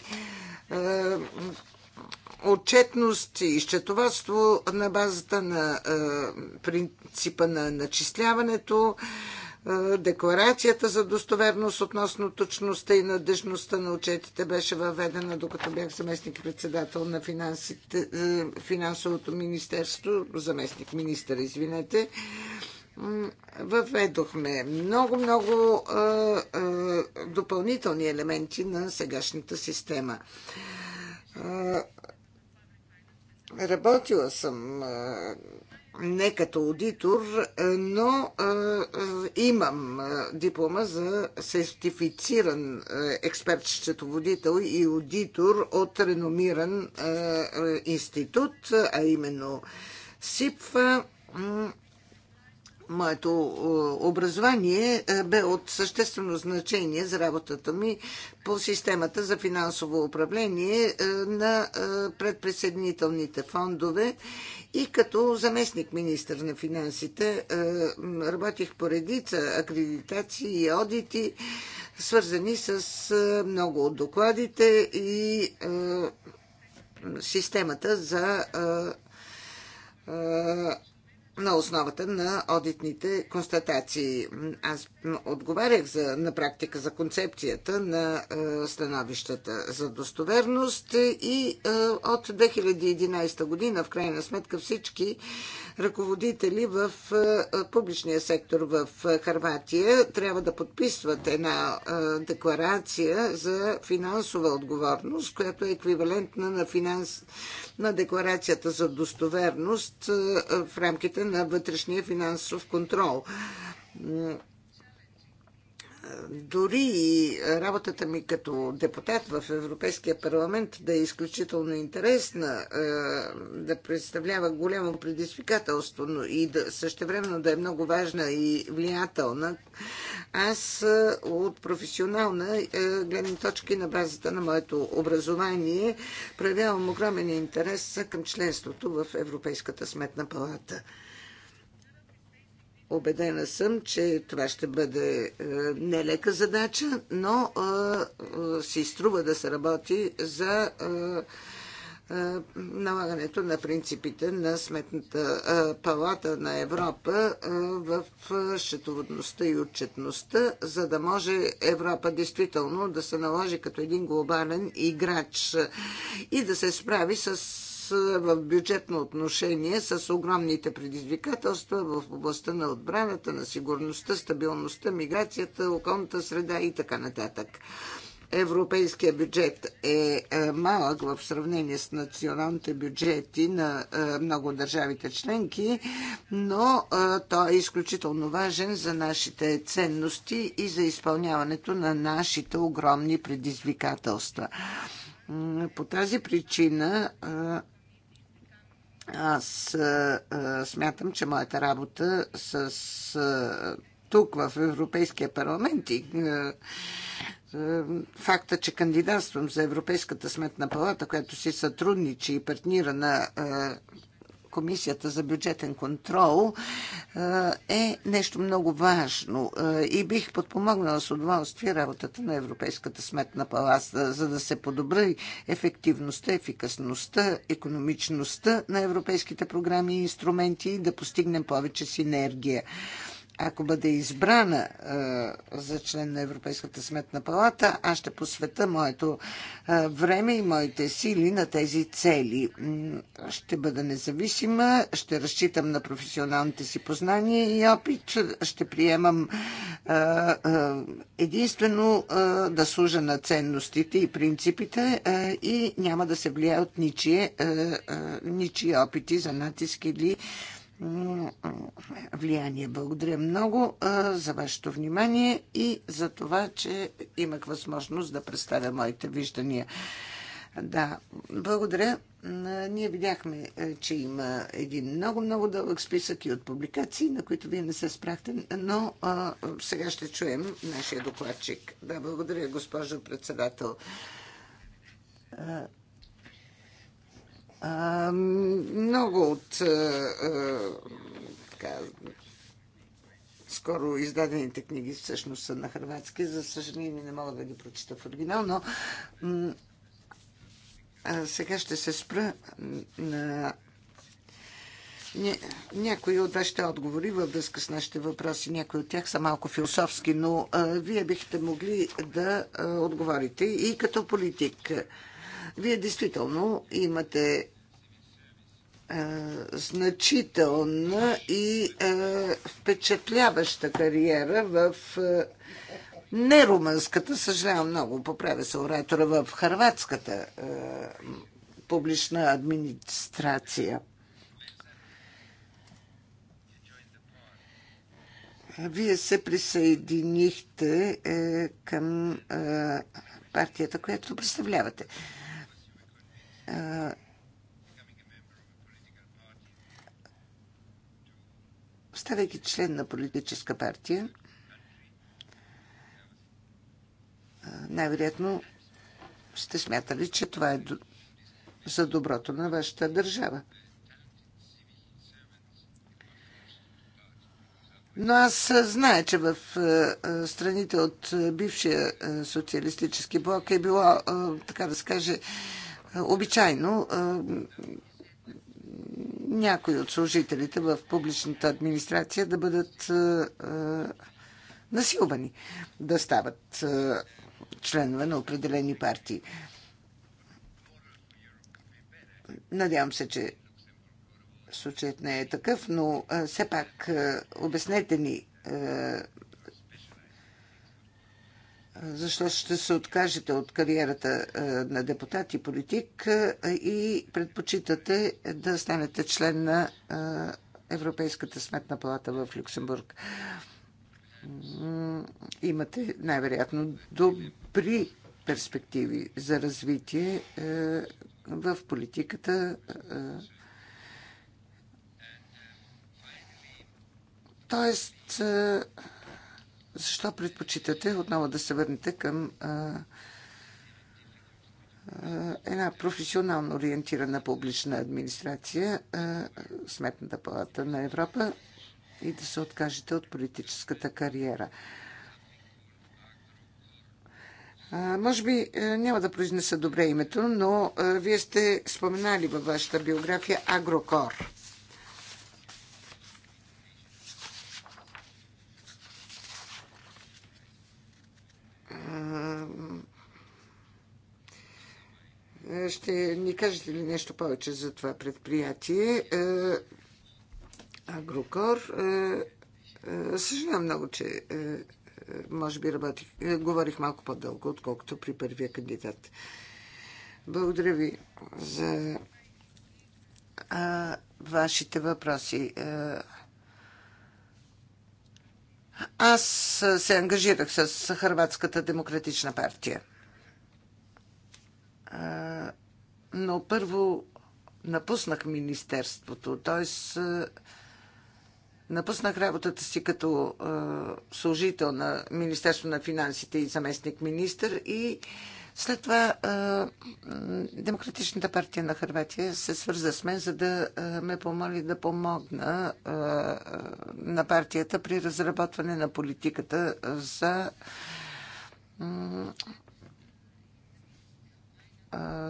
отчетност и счетоводство на базата на принципа на начисляването. Декларацията за достоверност относно точността и надежността на отчетите беше въведена, докато бях заместник-председател на финансите, е, финансовото министерство, заместник-министър, извинете. Въведохме много-много е, е, допълнителни елементи на сегашната система. Работила съм не като аудитор, е, но е, е, имам диплома за сертифициран експерт-счетоводител и аудитор от реномиран институт, а именно СИПФА. Моето образование бе от съществено значение за работата ми по системата за финансово управление на предприсъединителните фондове и като заместник министр на финансите е, работих по редица акредитации и одити, свързани с е, много от докладите и е, системата за на основата на одитните констатации. Аз отговарях за, на практика за концепцията на е, становищата за достоверност и е, от 2011 година в крайна сметка всички ръководители в публичния сектор в Харватия трябва да подписват една декларация за финансова отговорност, която е еквивалентна на, финанс... на декларацията за достоверност в рамките на вътрешния финансов контрол дори и работата ми като депутат в Европейския парламент да е изключително интересна, е, да представлява голямо предизвикателство, но и да, същевременно да е много важна и влиятелна, аз е, от професионална е, гледна точка на базата на моето образование проявявам огромен интерес към членството в Европейската сметна палата. Обедена съм, че това ще бъде е, нелека задача, но е, е, си струва да се работи за налагането на принципите на Сметната палата на Европа в счетоводността и отчетността, за да може Европа действително да се наложи като един глобален играч и да се справи с в бюджетно отношение с огромните предизвикателства в областта на отбраната, на сигурността, стабилността, миграцията, околната среда и така нататък. Европейския бюджет е, е малък в сравнение с националните бюджети на е, много държавите членки, но е, той е изключително важен за нашите ценности и за изпълняването на нашите огромни предизвикателства. По тази причина аз а, е, е, смятам, че моята работа с а, е, тук в Европейския парламент и а, факта, че кандидатствам за Европейската сметна палата, която си сътрудничи и партнира на Комисията за бюджетен контрол е, е нещо много важно е, и бих подпомогнала с удоволствие работата на Европейската сметна паласа, за да се подобри ефективността, ефикасността, економичността на европейските програми и инструменти и да постигнем повече синергия ако бъде избрана а, за член на Европейската сметна палата, аз ще посвета моето а, време и моите сили на тези цели. Ще бъда независима, ще разчитам на професионалните си познания и опит, ще приемам а, а, единствено а, да служа на ценностите и принципите а, и няма да се влияе от ничие, а, а, ничие опити за натиск или е, влияние. Благодаря много за вашето внимание и за това, че имах възможност да представя моите виждания. Да, благодаря. Ние видяхме, че има един много-много дълъг списък и от публикации, на които вие не се спрахте, но а, сега ще чуем нашия докладчик. Да, благодаря, госпожо председател много от така, скоро издадените книги всъщност са на хрватски. За съжаление не мога да ги прочита в оригинал, но а сега ще се спра на някои от вашите отговори във връзка с нашите въпроси. Някои от тях са малко философски, но а, вие бихте могли да а, отговорите и като политик. Вие действително имате е, значителна и е, впечатляваща кариера в е, не румънската, съжалявам много, поправя се оратора, в е, публична администрация. Вие се присъединихте към партията, която представлявате ставайки член на политическа партия, най-вероятно сте смятали, че това е за доброто на вашата държава. Но аз знае, че в страните от бившия социалистически блок е било, така да скаже, Обичайно някои от служителите в публичната администрация да бъдат насилвани да стават членове на определени партии. Надявам се, че случаят не е такъв, но все пак обяснете ни защото ще се откажете от кариерата е, на депутат и политик е, и предпочитате да станете член на е, Европейската сметна палата в Люксембург. Имате най-вероятно добри перспективи за развитие в политиката. Тоест, защо предпочитате отново да се върнете към една професионално ориентирана публична администрация, Сметната палата на Европа и да се откажете от политическата кариера. Може би няма да произнеса добре името, но вие сте споменали във вашата биография Агрокор. ще ни кажете ли нещо повече за това предприятие? Е, Агрокор. Е, е, съжалявам много, че може би работих, говорих малко по-дълго, отколкото при първия кандидат. Благодаря ви за вашите въпроси. Аз се ангажирах с Хрватската демократична партия но първо напуснах министерството, т.е. Е, напуснах работата си като е, служител на Министерство на финансите и заместник министр и след това е, Демократичната партия на Харватия се свърза с мен, за да ме помоли да помогна на партията при разработване на политиката за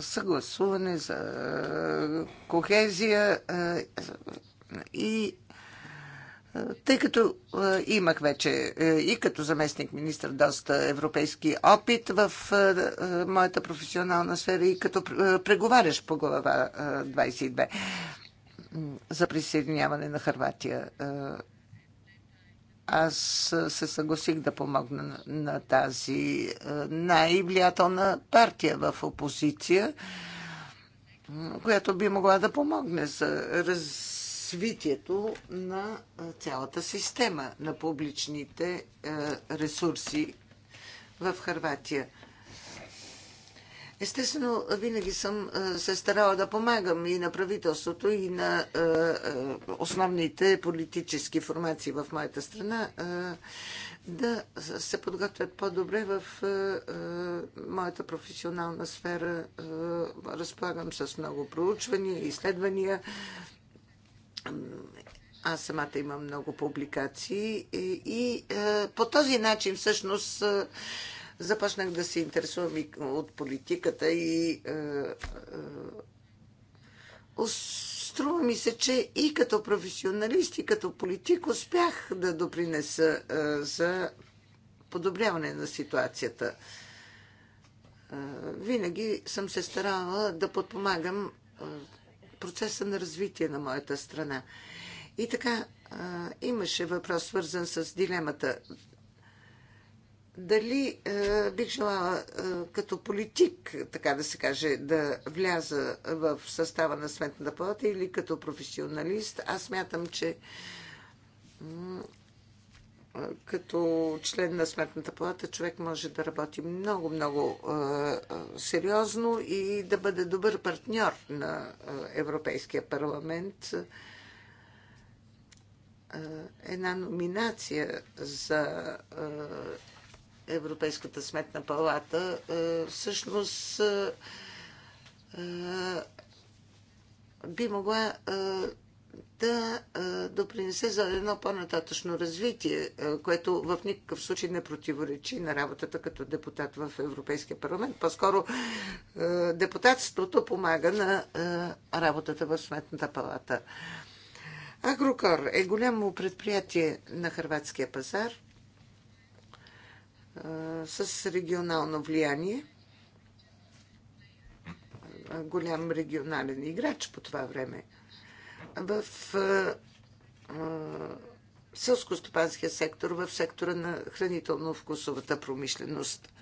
съгласуване, за кохезия и тъй като имах вече и като заместник министр доста европейски опит в моята професионална сфера и като преговаряш по глава 22 за присъединяване на Харватия аз се съгласих да помогна на тази най-влиятелна партия в опозиция, която би могла да помогне за развитието на цялата система на публичните ресурси в Харватия. Естествено, винаги съм е, се старала да помагам и на правителството, и на е, е, основните политически формации в моята страна да се подготвят по-добре в моята професионална сфера. разполагам с много проучвания, изследвания. Аз самата имам много публикации и, по този начин всъщност започнах да се интересувам от политиката и е, е, струва ми се, че и като професионалист, и като политик успях да допринеса е, за подобряване на ситуацията. Е, винаги съм се старала да подпомагам е, процеса на развитие на моята страна. И така, е, имаше въпрос свързан с дилемата дали е, бих желала е, като политик, така да се каже, да вляза в състава на Сметната палата или като професионалист. Аз мятам, че е, като член на Сметната палата човек може да работи много, много е, е сериозно и да бъде добър партньор на е, Европейския парламент. Една номинация за Европейската сметна палата е, всъщност е, е, би могла да допринесе за едно по-нататъчно развитие, което в никакъв случай не противоречи на работата като депутат в Европейския парламент. По-скоро депутатството помага на работата в Сметната палата. Агрокор е голямо предприятие на хрватския пазар – с регионално влияние. Голям регионален играч по това време. В сълско-стопанския сектор, в сектора на хранително-вкусовата промишленост.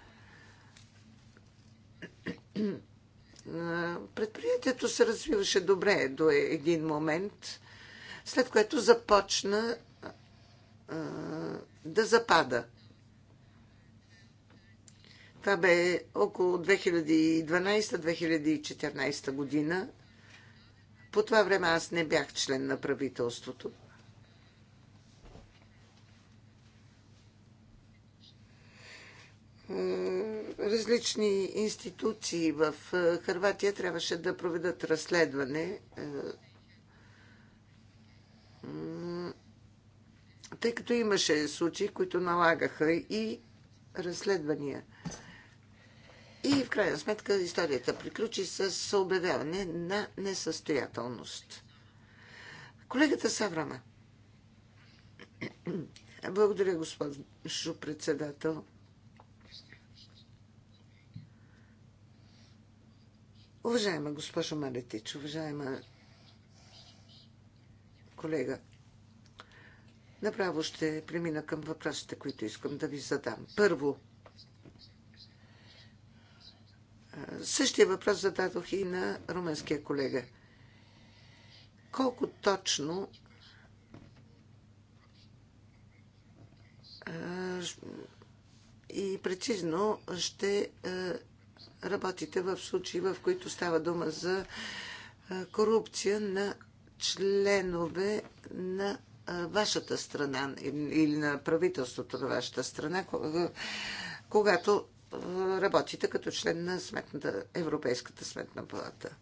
Предприятието се развиваше добре до един момент, след което започна да запада. Това бе около 2012-2014 година. По това време аз не бях член на правителството. Различни институции в е, Харватия трябваше да проведат разследване, е, тъй като имаше случаи, които налагаха и разследвания. И в крайна сметка историята приключи с обявяване на несъстоятелност. Колегата Саврама. Благодаря, госпожо председател. Уважаема госпожо Малетич, уважаема колега, направо ще премина към въпросите, които искам да ви задам. Първо, Същия въпрос зададох и на румънския колега. Колко точно и прецизно ще работите в случаи, в които става дума за корупция на членове на вашата страна или на правителството на вашата страна, когато работите като член на сметната, Европейската сметна палата.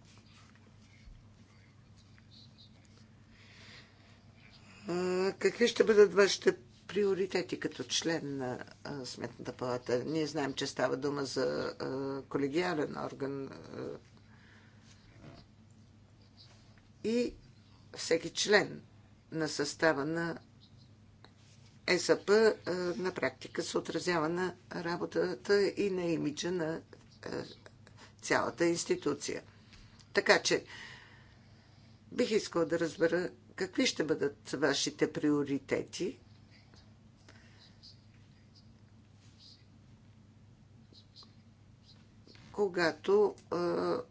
Какви ще бъдат вашите приоритети като член на Сметната палата? Ние знаем, че става дума за колегиален орган и всеки член на състава на ЕСП на практика се отразява на работата и на имиджа на цялата институция. Така че, бих искала да разбера какви ще бъдат вашите приоритети. когато е,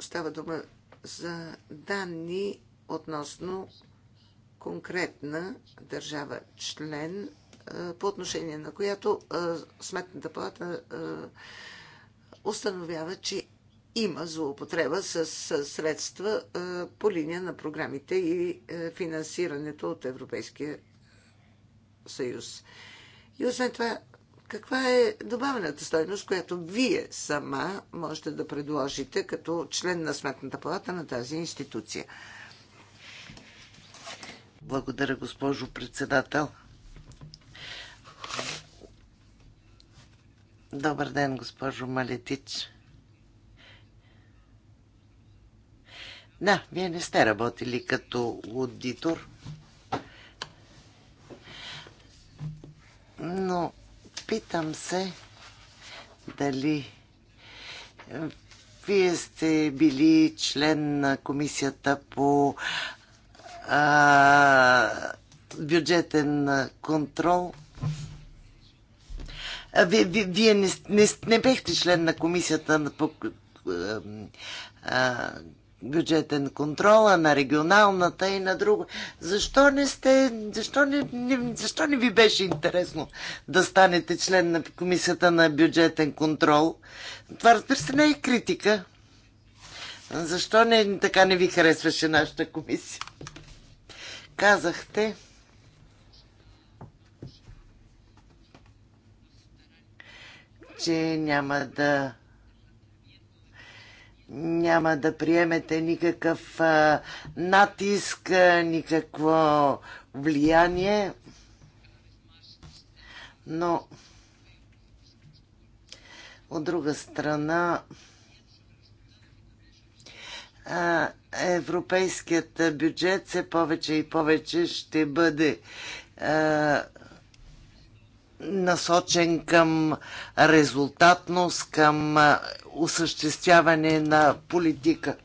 става дума за данни относно конкретна държава член по отношение на която Сметната палата установява, че има злоупотреба с средства по линия на програмите и финансирането от Европейския съюз. И освен това, каква е добавената стойност, която вие сама можете да предложите като член на Сметната палата на тази институция? Благодаря, госпожо председател. Добър ден, госпожо Малетич. Да, вие не сте работили като аудитор, но питам се дали вие сте били член на комисията по а, бюджетен контрол вие, вие, вие не, не, не бехте член на комисията на по, а, бюджетен контрол, на регионалната и на друго. Защо не сте, защо не, не, защо не ви беше интересно да станете член на комисията на бюджетен контрол? Това разбира се не е критика. Защо не, така не ви харесваше нашата комисия? Казахте, че няма да няма да приемете никакъв а, натиск, а, никакво влияние. Но от друга страна а, европейският бюджет все повече и повече ще бъде а, насочен към резултатност, към осъществяване на политика.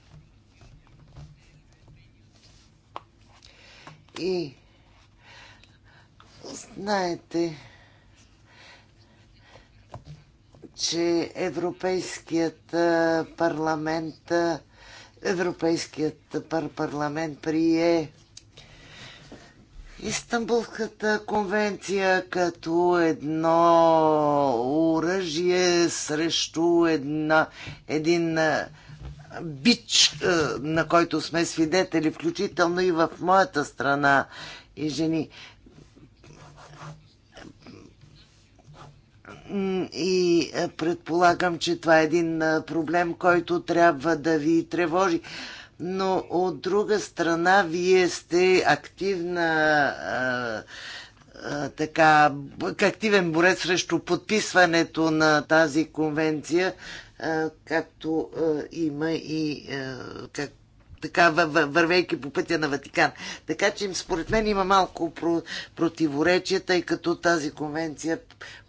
И знаете, че Европейският парламент Европейският парламент прие Истанбулската конвенция като едно оръжие срещу една, един бич, на който сме свидетели, включително и в моята страна и жени. И предполагам, че това е един проблем, който трябва да ви тревожи но от друга страна вие сте активна така, активен борец срещу подписването на тази конвенция, както има и как, така вървейки по пътя на Ватикан. Така че според мен има малко противоречие, тъй като тази конвенция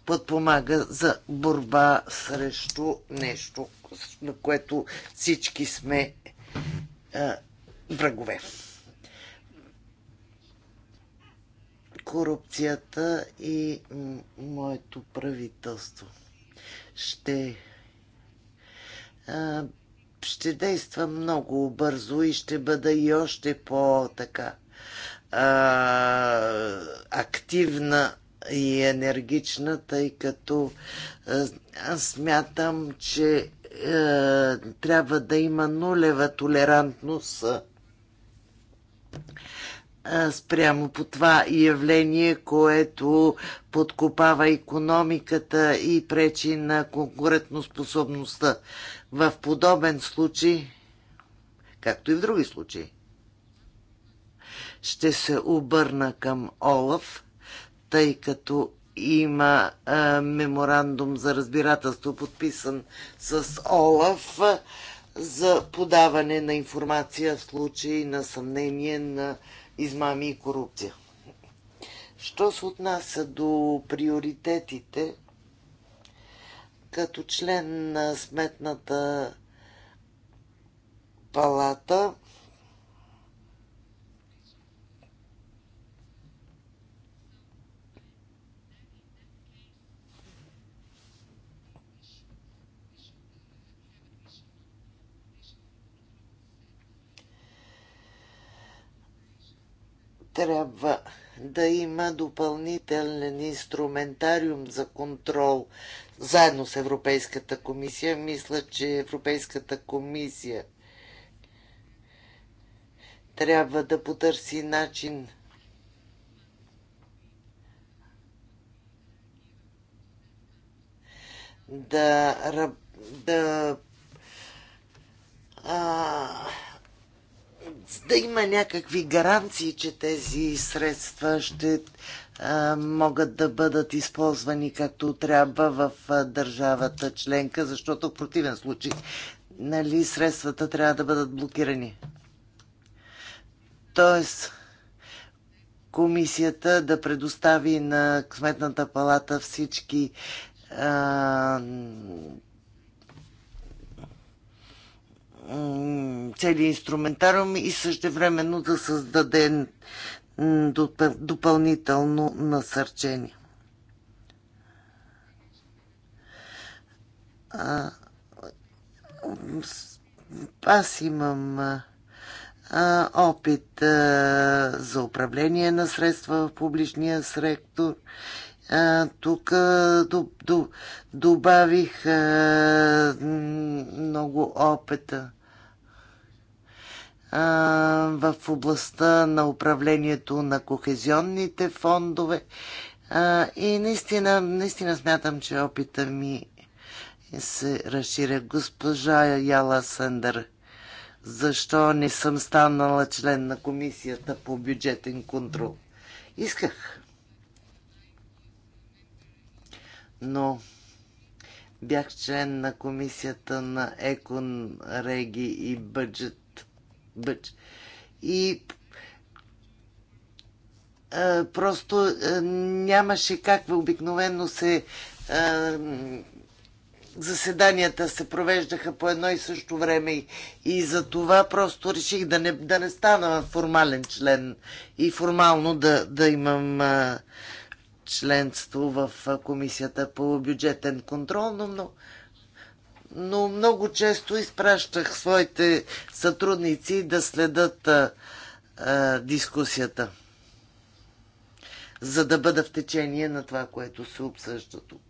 подпомага за борба срещу нещо, на което всички сме врагове. Корупцията и моето правителство. Ще ще действа много бързо и ще бъда и още по-така активна и енергична, тъй като аз смятам, че е, трябва да има нулева толерантност е, спрямо по това явление, което подкопава економиката и пречи на конкурентоспособността. В подобен случай, както и в други случаи, ще се обърна към Олаф, тъй като има а, е, меморандум за разбирателство, подписан с Олаф е, за подаване на информация в случай на съмнение на измами и корупция. Що се отнася до приоритетите, като член на Сметната палата, трябва да има допълнителен инструментариум за контрол заедно с Европейската комисия. Мисля, че Европейската комисия трябва да потърси начин да, да а, да има някакви гаранции, че тези средства ще а, могат да бъдат използвани както трябва в а, държавата членка, защото в противен случай нали, средствата трябва да бъдат блокирани. Тоест, комисията да предостави на Кметната палата всички а, цели инструментариум и същевременно да създаде допълнително насърчение. Аз имам опит за управление на средства в публичния сектор. Тук добавих много опита в областта на управлението на кохезионните фондове. И наистина, наистина смятам, че опита ми се разширя. Госпожа Яла Сендър, защо не съм станала член на комисията по бюджетен контрол? Исках. Но бях член на комисията на Екон, Реги и Бъджет бъч. И а, просто а, нямаше как обикновено се а, заседанията се провеждаха по едно и също време и, и за това просто реших да не, да не стана формален член и формално да, да имам а, членство в комисията по бюджетен контрол, но, но но много често изпращах своите сътрудници да следат а, а, дискусията, за да бъда в течение на това, което се обсъжда тук.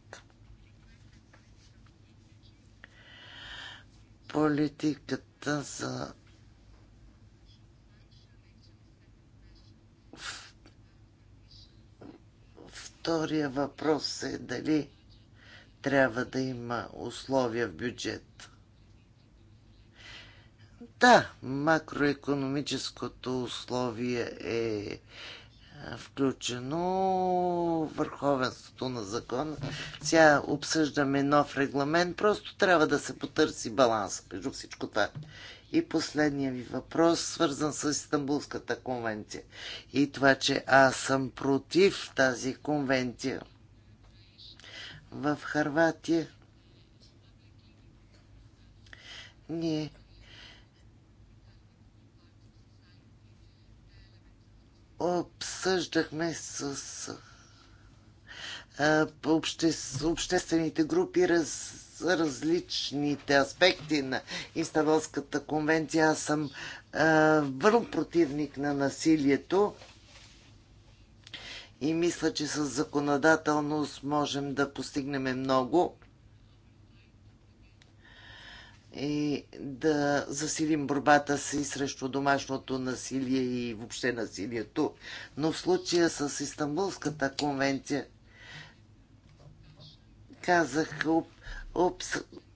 Политиката за Втория въпрос е дали трябва да има условия в бюджет. Да, макроекономическото условие е, е включено върховенството на закона. Сега обсъждаме нов регламент. Просто трябва да се потърси баланс между всичко това. И последния ви въпрос, свързан с Истанбулската конвенция. И това, че аз съм против тази конвенция в Харватия. Ние обсъждахме с обще, обществените групи раз, различните аспекти на Истанбулската конвенция. Аз съм а, върл противник на насилието и мисля, че с законодателност можем да постигнем много и да засилим борбата си срещу домашното насилие и въобще насилието. Но в случая с Истанбулската конвенция казах,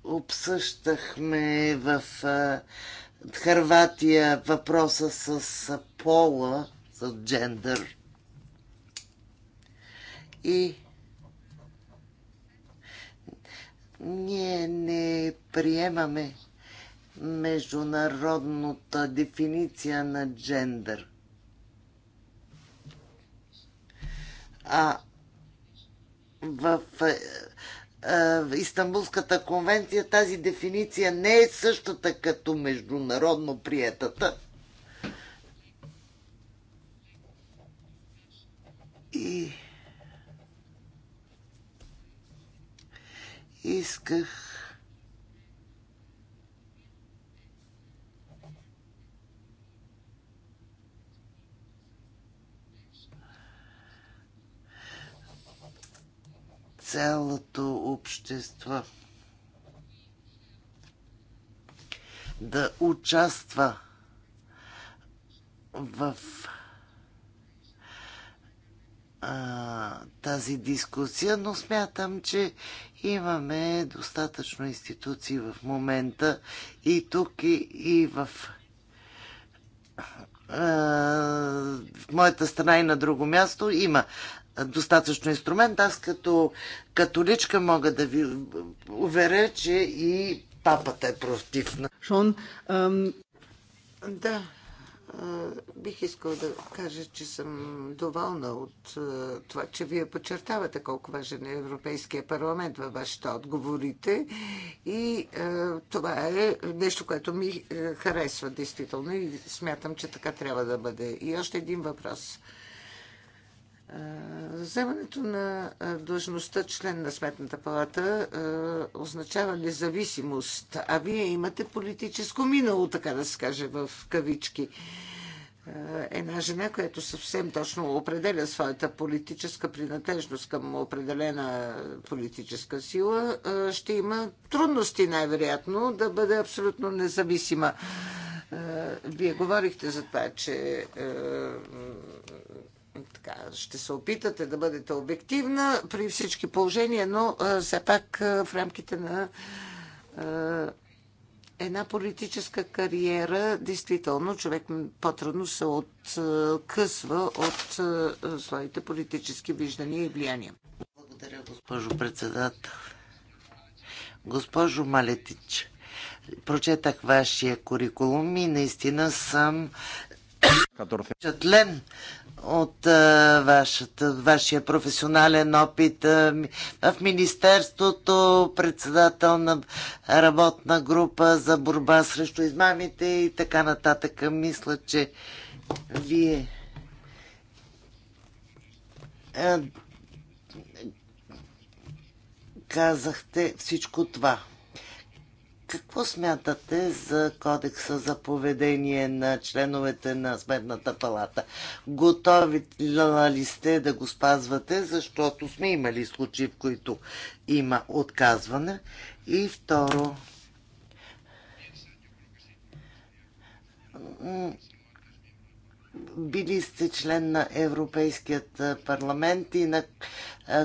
обсъщахме в Харватия въпроса с пола, с джендър и ние не приемаме международната дефиниция на джендър. А е, е, в Истанбулската конвенция тази дефиниция не е същата като международно приетата. И Исках цялото общество да участва в а, тази дискусия, но смятам, че имаме достатъчно институции в момента и тук, и, и в в моята страна и на друго място има достатъчно инструмент. Аз като католичка мога да ви уверя, че и папата е против. Шон, ам, да, бих искал да кажа, че съм доволна от това, че вие подчертавате колко важен е Европейския парламент във вашите отговорите. И това е нещо, което ми харесва действително и смятам, че така трябва да бъде. И още един въпрос – Вземането на длъжността член на Сметната палата означава независимост, а вие имате политическо минало, така да се каже в кавички. Една жена, която съвсем точно определя своята политическа принадлежност към определена политическа сила, ще има трудности най-вероятно да бъде абсолютно независима. Вие говорихте за това, че така, ще се опитате да бъдете обективна при всички положения, но а, все пак а, в рамките на а, една политическа кариера, действително, човек по-трудно се откъсва от а, своите политически виждания и влияния. Благодаря, госпожо председател. Госпожо Малетич, прочетах вашия курикулум и наистина съм впечатлен от а, вашата, вашия професионален опит а, в Министерството, председател на работна група за борба срещу измамите и така нататък. Мисля, че вие а, казахте всичко това. Какво смятате за кодекса за поведение на членовете на Сметната палата? Готови ли сте да го спазвате, защото сме имали случаи, в които има отказване? И второ, били сте член на Европейският парламент и на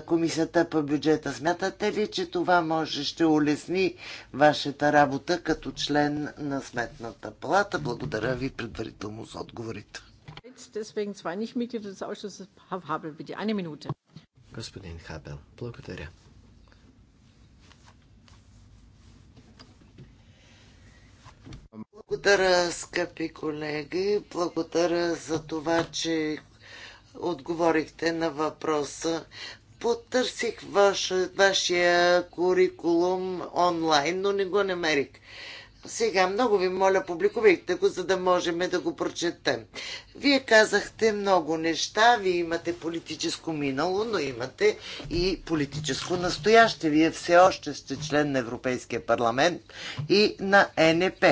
Комисията по бюджета. Смятате ли, че това може ще улесни вашата работа като член на Сметната палата? Благодаря ви предварително за отговорите. Господин Хабел, благодаря. Благодаря, скъпи колеги. Благодаря за това, че отговорихте на въпроса. Потърсих ваш, вашия курикулум онлайн, но не го намерих. Сега, много ви моля, публикувайте го, за да можем да го прочетем. Вие казахте много неща, вие имате политическо минало, но имате и политическо настояще. Вие все още сте член на Европейския парламент и на НП.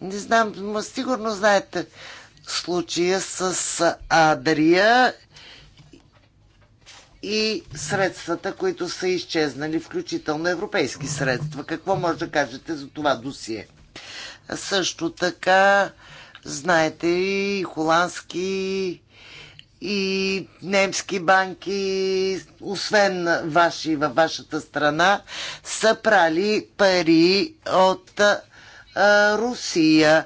Не знам, сигурно знаете случая с Адрия и средствата, които са изчезнали, включително европейски средства. Какво може да кажете за това досие? Също така, знаете и холандски и немски банки, освен ваши във вашата страна, са прали пари от Русия.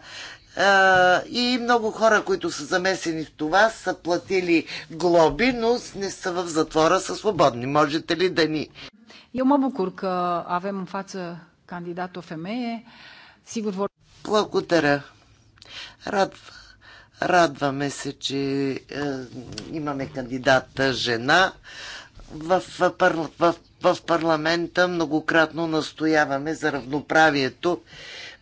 И много хора, които са замесени в това, са платили глоби, но не са в затвора, са свободни. Можете ли да ни... Йома Букурка, bucur că avem în față candidat Благодаря. Рад, радваме се, че е, имаме кандидата жена. В, в, в, в парламента многократно настояваме за равноправието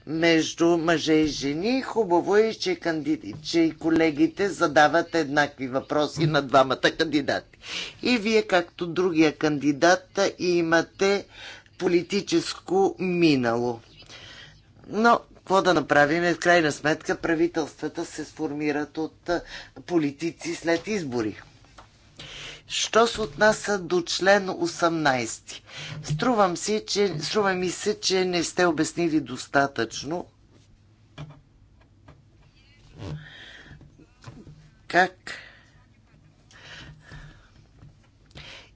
между мъже и жени. Хубаво е, че, канди... че и колегите задават еднакви въпроси на двамата кандидати. И вие, както другия кандидат, имате политическо минало. Но какво да направим? В крайна сметка правителствата се сформират от политици след избори. Що се отнася до член 18? Струвам си, че, струва ми се, че не сте обяснили достатъчно как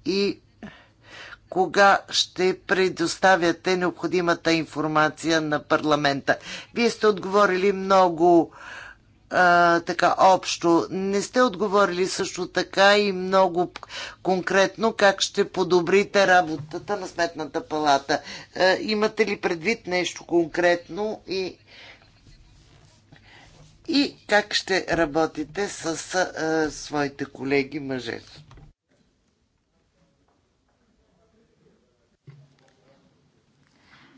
и кога ще предоставяте необходимата информация на парламента. Вие сте отговорили много а, така общо. Не сте отговорили също така и много конкретно как ще подобрите работата на Сметната палата. А, имате ли предвид нещо конкретно и, и как ще работите с а, своите колеги мъже?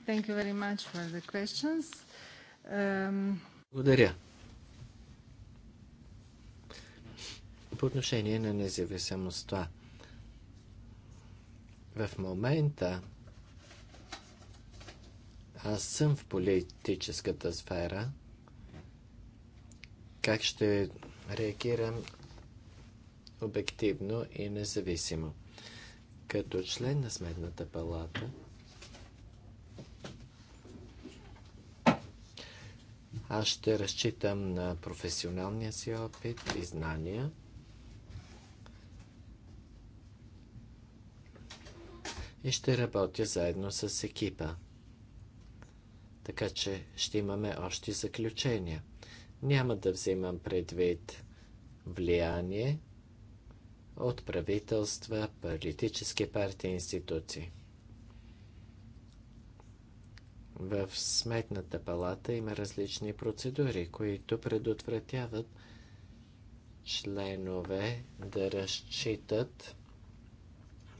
Thank you very much for the questions. Um... Благодаря по отношение на независимостта. В момента аз съм в политическата сфера. Как ще реагирам обективно и независимо? Като член на Сметната палата, аз ще разчитам на професионалния си опит и знания – и ще работя заедно с екипа. Така че ще имаме още заключения. Няма да взимам предвид влияние от правителства, политически партии институции. В сметната палата има различни процедури, които предотвратяват членове да разчитат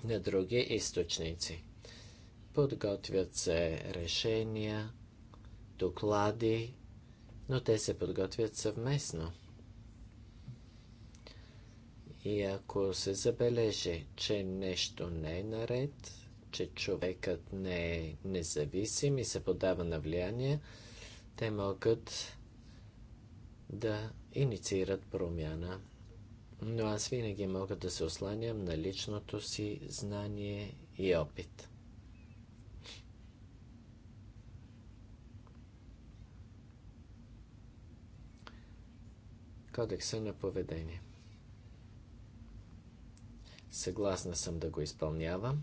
на други източници. Подготвят се решения, доклади, но те се подготвят съвместно. И ако се забележи, че нещо не е наред, че човекът не е независим и се подава на влияние, те могат да инициират промяна но аз винаги мога да се осланям на личното си знание и опит. Кодекса на поведение. Съгласна съм да го изпълнявам.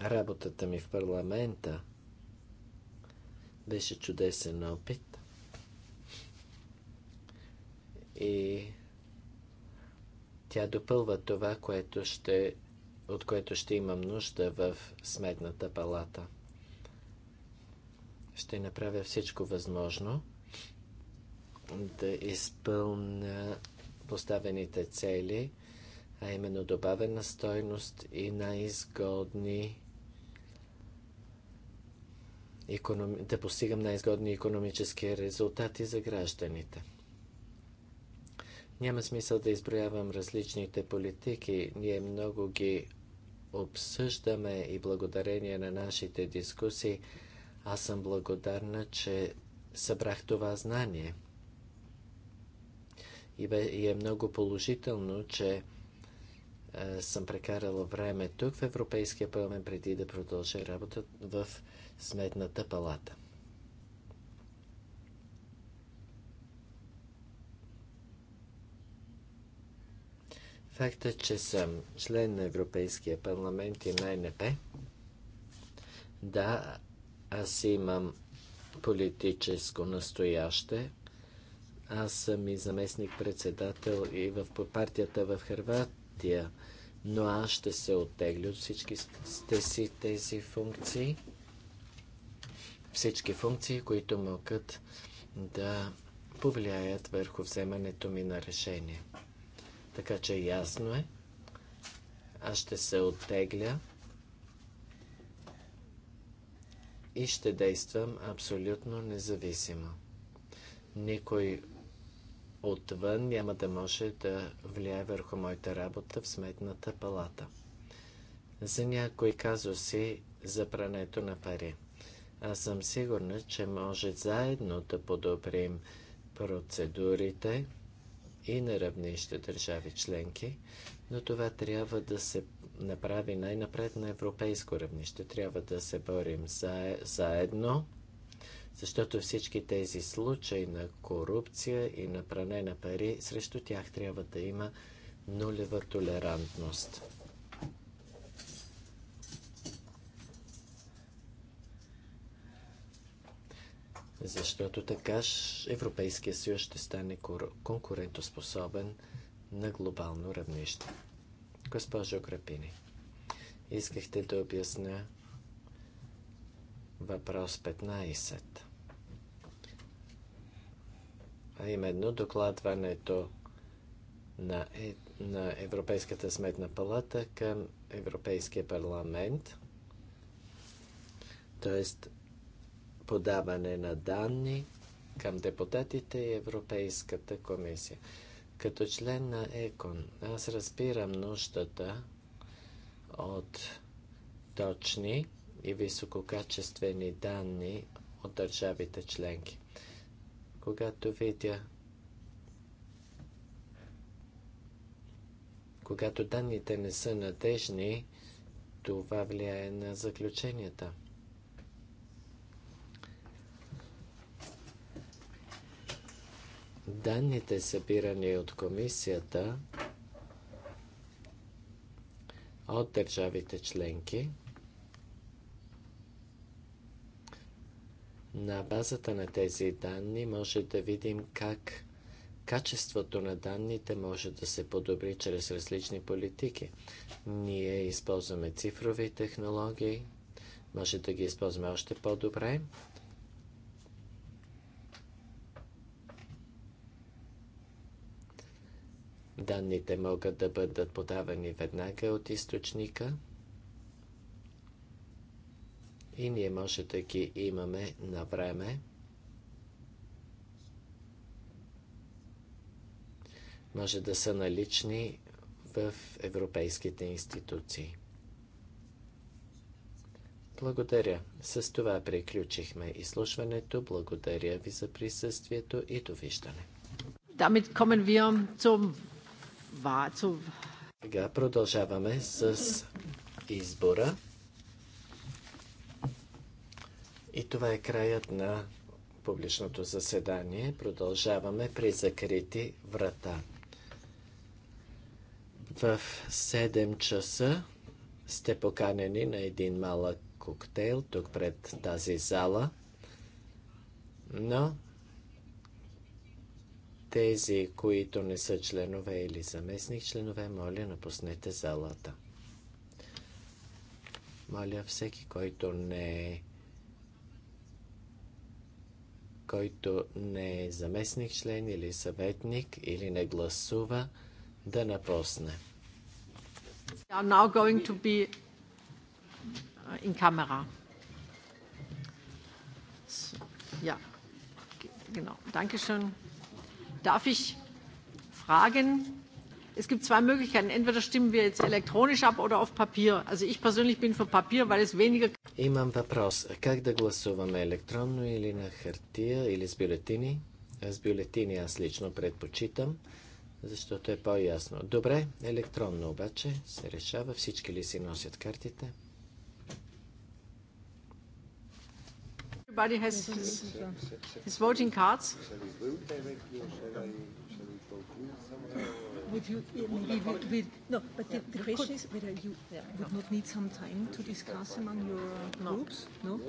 Работата ми в парламента беше чудесен опит. и тя допълва това, което ще, от което ще имам нужда в сметната палата. Ще направя всичко възможно да изпълня поставените цели, а именно добавена стойност и най-изгодни да постигам най-изгодни економически резултати за гражданите. Няма смисъл да изброявам различните политики. Ние много ги обсъждаме и благодарение на нашите дискусии аз съм благодарна, че събрах това знание. И, е много положително, че е, съм прекарала време тук в Европейския парламент преди да продължа работа в Сметната палата. Факта, че съм член на Европейския парламент и на НП, да, аз имам политическо настояще. Аз съм и заместник-председател и в партията в Хрватия, но аз ще се оттегля от всички сте си тези функции. Всички функции, които могат да повлияят върху вземането ми на решение. Така че ясно е. Аз ще се оттегля и ще действам абсолютно независимо. Никой отвън няма да може да влияе върху моята работа в сметната палата. За някои казуси за прането на пари. Аз съм сигурна, че може заедно да подобрим процедурите, и на равнище държави членки, но това трябва да се направи най-напред на европейско равнище. Трябва да се борим заедно, защото всички тези случаи на корупция и на пране на пари, срещу тях трябва да има нулева толерантност. защото така Европейския съюз ще стане конкурентоспособен на глобално равнище. Госпожо Крапини, искахте да обясня въпрос 15. А именно докладването на, е, на Европейската сметна палата към Европейския парламент. Тоест, подаване на данни към депутатите и Европейската комисия. Като член на ЕКОН, аз разбирам нуждата от точни и висококачествени данни от държавите членки. Когато видя когато данните не са надежни, това влияе на заключенията. данните, събирани от комисията, от държавите членки, на базата на тези данни може да видим как качеството на данните може да се подобри чрез различни политики. Ние използваме цифрови технологии, може да ги използваме още по-добре. Данните могат да бъдат подавани веднага от източника и ние може да ги имаме на време. Може да са налични в европейските институции. Благодаря. С това приключихме изслушването. Благодаря ви за присъствието и довиждане. Damit kommen wir zum сега продължаваме с избора. И това е краят на публичното заседание. Продължаваме при закрити врата. В 7 часа сте поканени на един малък коктейл тук пред тази зала, но тези, които не са членове или заместник членове, моля, напуснете залата. Моля, всеки, който не е който не е заместник член или съветник или не гласува, да напусне. are now going to be uh, in camera. So, yeah. Genau. Dankeschön darf ich fragen? Es gibt zwei Möglichkeiten. Entweder stimmen wir jetzt elektronisch ab oder auf Papier. Also ich persönlich bin für Papier, weil es weniger... Имам въпрос. Как да гласуваме електронно или на хартия или с бюлетини? С бюлетини аз лично предпочитам, защото е по-ясно. Добре, електронно обаче се решава всички ли си носят картите. Everybody has his, his voting cards. Would you, maybe we, we, no, but the, the question is whether you would not need some time to discuss among your groups, no?